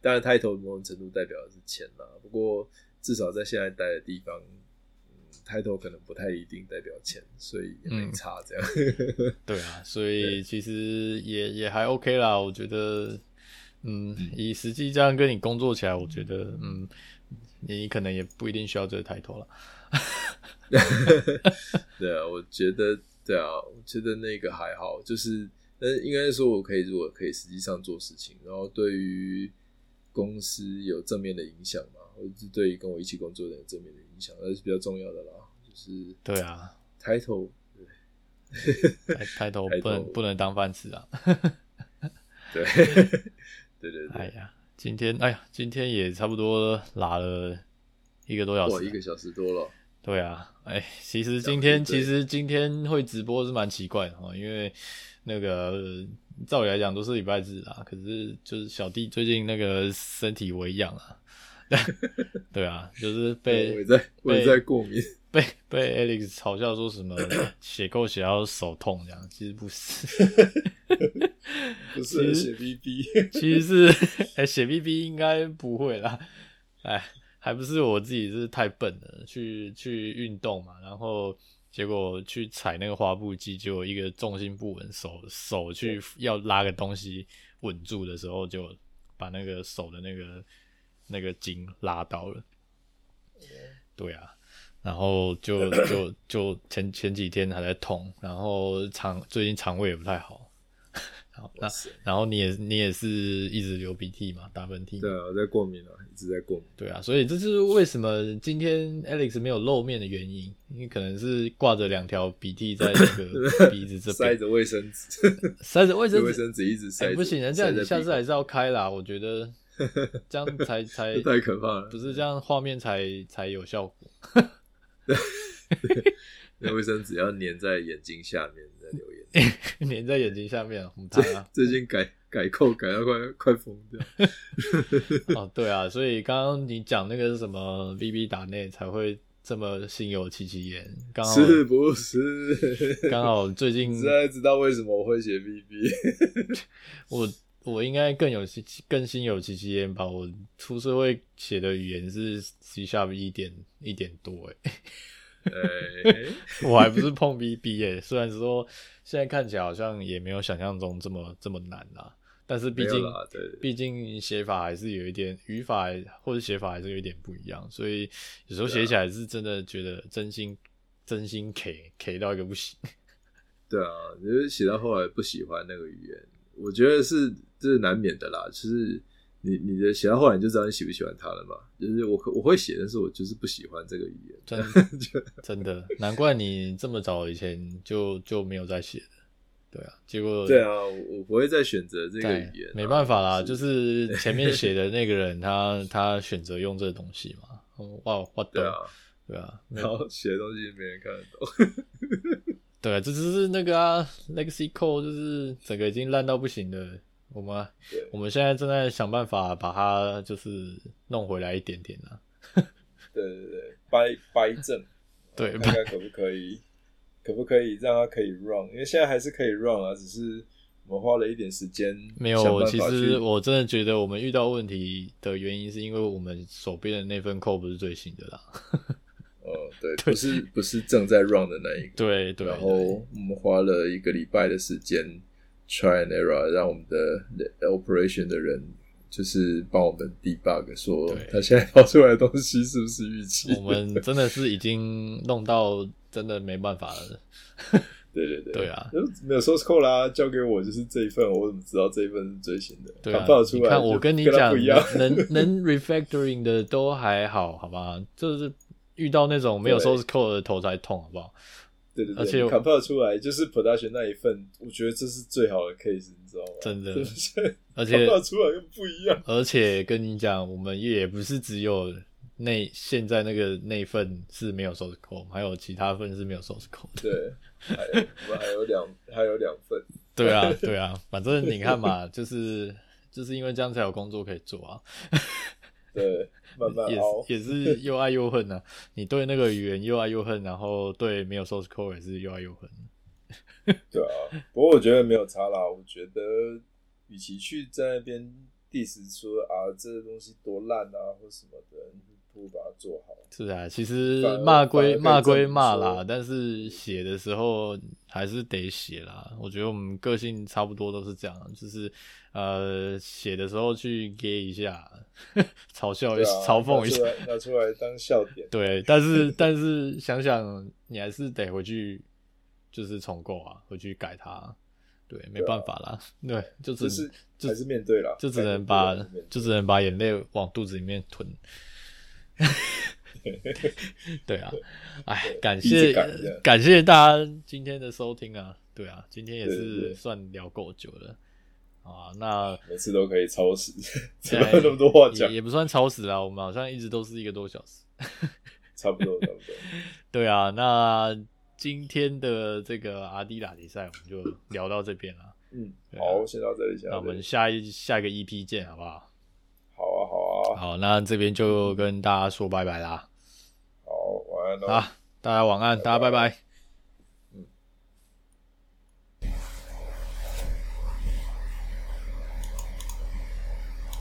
當然抬頭某種程度代表的是錢啦，不過至少在現在待的地方，抬、嗯、頭可能不太一定代表錢，所以也沒差這樣。嗯、 (laughs) 對啊，所以其實也也還 OK 啦，我覺得，嗯， (laughs) 以實際這樣跟你工作起來，我覺得，嗯。嗯你可能也不一定需要這個抬頭了， (laughs) 對啊，我覺得對啊，我覺得那個還好，就是嗯，是應該說我可以，如果可以，實際上做事情，然後對於公司有正面的影響嘛，或者是對於跟我一起工作的人有正面的影響，那是比較重要的啦。就是對啊，抬頭，對，抬，抬頭不能，抬頭不能當飯吃啊，對， (laughs) 對對對對，哎呀。今天，哎呀，今天也差不多拉了一個多小時，哇，一個小時多了。對啊，哎，其實今天，其實今天會直播是蠻奇怪的哦，因為那個、呃、照理來講都是禮拜日啦，可是就是小弟最近那個身體微恙啊， (laughs) 對啊，就是被我也在被我也在過敏，被被 Alex 嘲笑說什麼寫 code 寫到手痛這樣，其實不是。 (laughs) 不是寫 BB，其實是、欸、血寫 BB 應該不會啦，哎還不是我自己是太笨了，去去運動嘛，然後結果去踩那個滑步機，就一個重心不穩，手手去要拉個東西穩住的時候，就把那個手的那個那個筋拉到了，對啊，然後就就就前前幾天還在痛，然後腸最近腸胃也不太好。好那塞然後你也你也是一直流鼻涕嘛，打噴嚏。對啊，我在過敏啊，一直在過敏。對啊，所以這是為什麼今天 Alex 沒有露面的原因，因為可能是掛着兩條鼻涕在那個鼻子這 (laughs) 塞着衛生紙，塞着衛生紙，衛生紙一直塞。欸不行，這樣下次還是要開啦。我覺得這樣才才 (laughs) 太可怕了，不是這樣畫面才才有效果。 (laughs) (laughs) 對對那衛生紙要粘在眼睛下面。粘 (laughs) 在眼睛下面，紅它、啊。最近改改扣改到快 (laughs) 快瘋瘋掉。 (laughs) 哦，對啊，所以剛剛你講那個是什麼？VB 打內才會這麼心有戚戚焉，剛好是不是？剛好最近，現在 (laughs) 知道為什麼我會寫 VB (laughs) 。我我應該更有心，更心有戚戚焉吧？我出社會寫的語言是 C Sharp 一點一點多，哎。 (laughs) 哎，對 (laughs) 我還不是碰 VB 哎、欸， (laughs) 雖然說現在看起來好像也沒有想象中這麼這麼難啦、啊，但是畢竟畢竟寫法還是有一點語法或者寫法還是有一點不一樣，所以有時候寫起來是真的覺得真心、啊、真心 K K 到一個不行。對啊，就是寫到後來不喜歡那個語言，對 我覺得是這、就是難免的啦，其實。你你的寫到後來，你就知道你喜不喜歡他了嘛？就是我我會寫，但是我就是不喜歡這個語言，真的， (laughs) 就真的，難怪你這麼早以前就就沒有再寫了。對啊，結果對啊，我不會再選擇這個語言、啊，沒辦法啦，是就是前面寫的那個人他 (laughs) 他，他他選擇用這個東西嘛。哇，我懂，對啊，對啊，然後寫的東西沒人看得懂。 (laughs) 對啊，這就是那個啊 Lexico 就是整個已經爛到不行的。我們，對我們現在正在想辦法把它就是弄回來一點點呢、啊。對對對，掰掰正， (laughs) 對，看看可不可以， (laughs) 可不可以讓它可以 run，因為現在還是可以 run 啊，只是我們花了一點時間。沒有，其實我真的覺得我們遇到問題的原因是因為我們手邊的那份 code 不是最新的啦。哦、 (laughs) 呃，對，不是不是正在 run 的那一個，對 (laughs) 對。對然後我們花了一個禮拜的時間。Try and error，讓我們的 operation 的人就是幫我們 debug，說他現在掏出來的東西是不是預期？對 (laughs) 我們真的是已經弄到真的沒辦法了。對對對，對啊，沒有 source code 啦、啊，交給我就是這一份，我怎麼知道這一份是最新的？對啊，放出來他你看我跟你講不一樣，能能 refactoring 的都還好，好吧？就是遇到那種沒有 source code 的頭才痛，對好不好？對對對而且 compare 出來就是 production 那一份，我覺得這是最好的 case，你知道嗎？真的，而且 compare 出來又不一樣而。而且跟你講，我們也不是只有那現在那個那份是沒有 source code，還有其他份是沒有 source code。對，哎，我們還有兩 (laughs) 還有兩份。對啊對啊，反正你看嘛， (laughs) 就是就是因為這樣才有工作可以做啊。 (laughs) 對。慢慢也是也是又愛又恨啊， (laughs) 你對那個語言又愛又恨，然後對沒有 source code 也是又愛又恨。 (laughs) 對啊，不過我覺得沒有差啦。我覺得與其去在那邊 diss 說啊，這個東西多爛啊，或什麼的。不把它做好。是啊，其實罵歸罵歸罵啦，但是寫的時候還是得寫啦。我覺得我們個性差不多都是這樣，就是呃，寫的時候去 gay 一下，嘲笑一下，嘲諷一下，拿出來當笑點。對，但是但是想想，你還是得回去，就是重構啊，回去改它。對，沒辦法啦。對，就是還是面對了，就只能把就只能把眼淚往肚子裡面吞。 (laughs) 對啊，哎，感謝感，感謝大家今天的收聽啊！對啊，今天也是算聊夠久了對對對啊。那每次都可以超時，這對麼，麼多話講也，也不算超時啦。我們好像一直都是一個多小時，差不多差不多。不多對啊，那今天的這個阿迪達比賽，我們就聊到這邊了。啊、嗯，好，先到這裡先這裡。那我們下一下一個 EP 見，好不好？好，那這邊就跟大家說拜拜啦。好，晚安了。啊，大家晚安，拜拜。大家拜拜。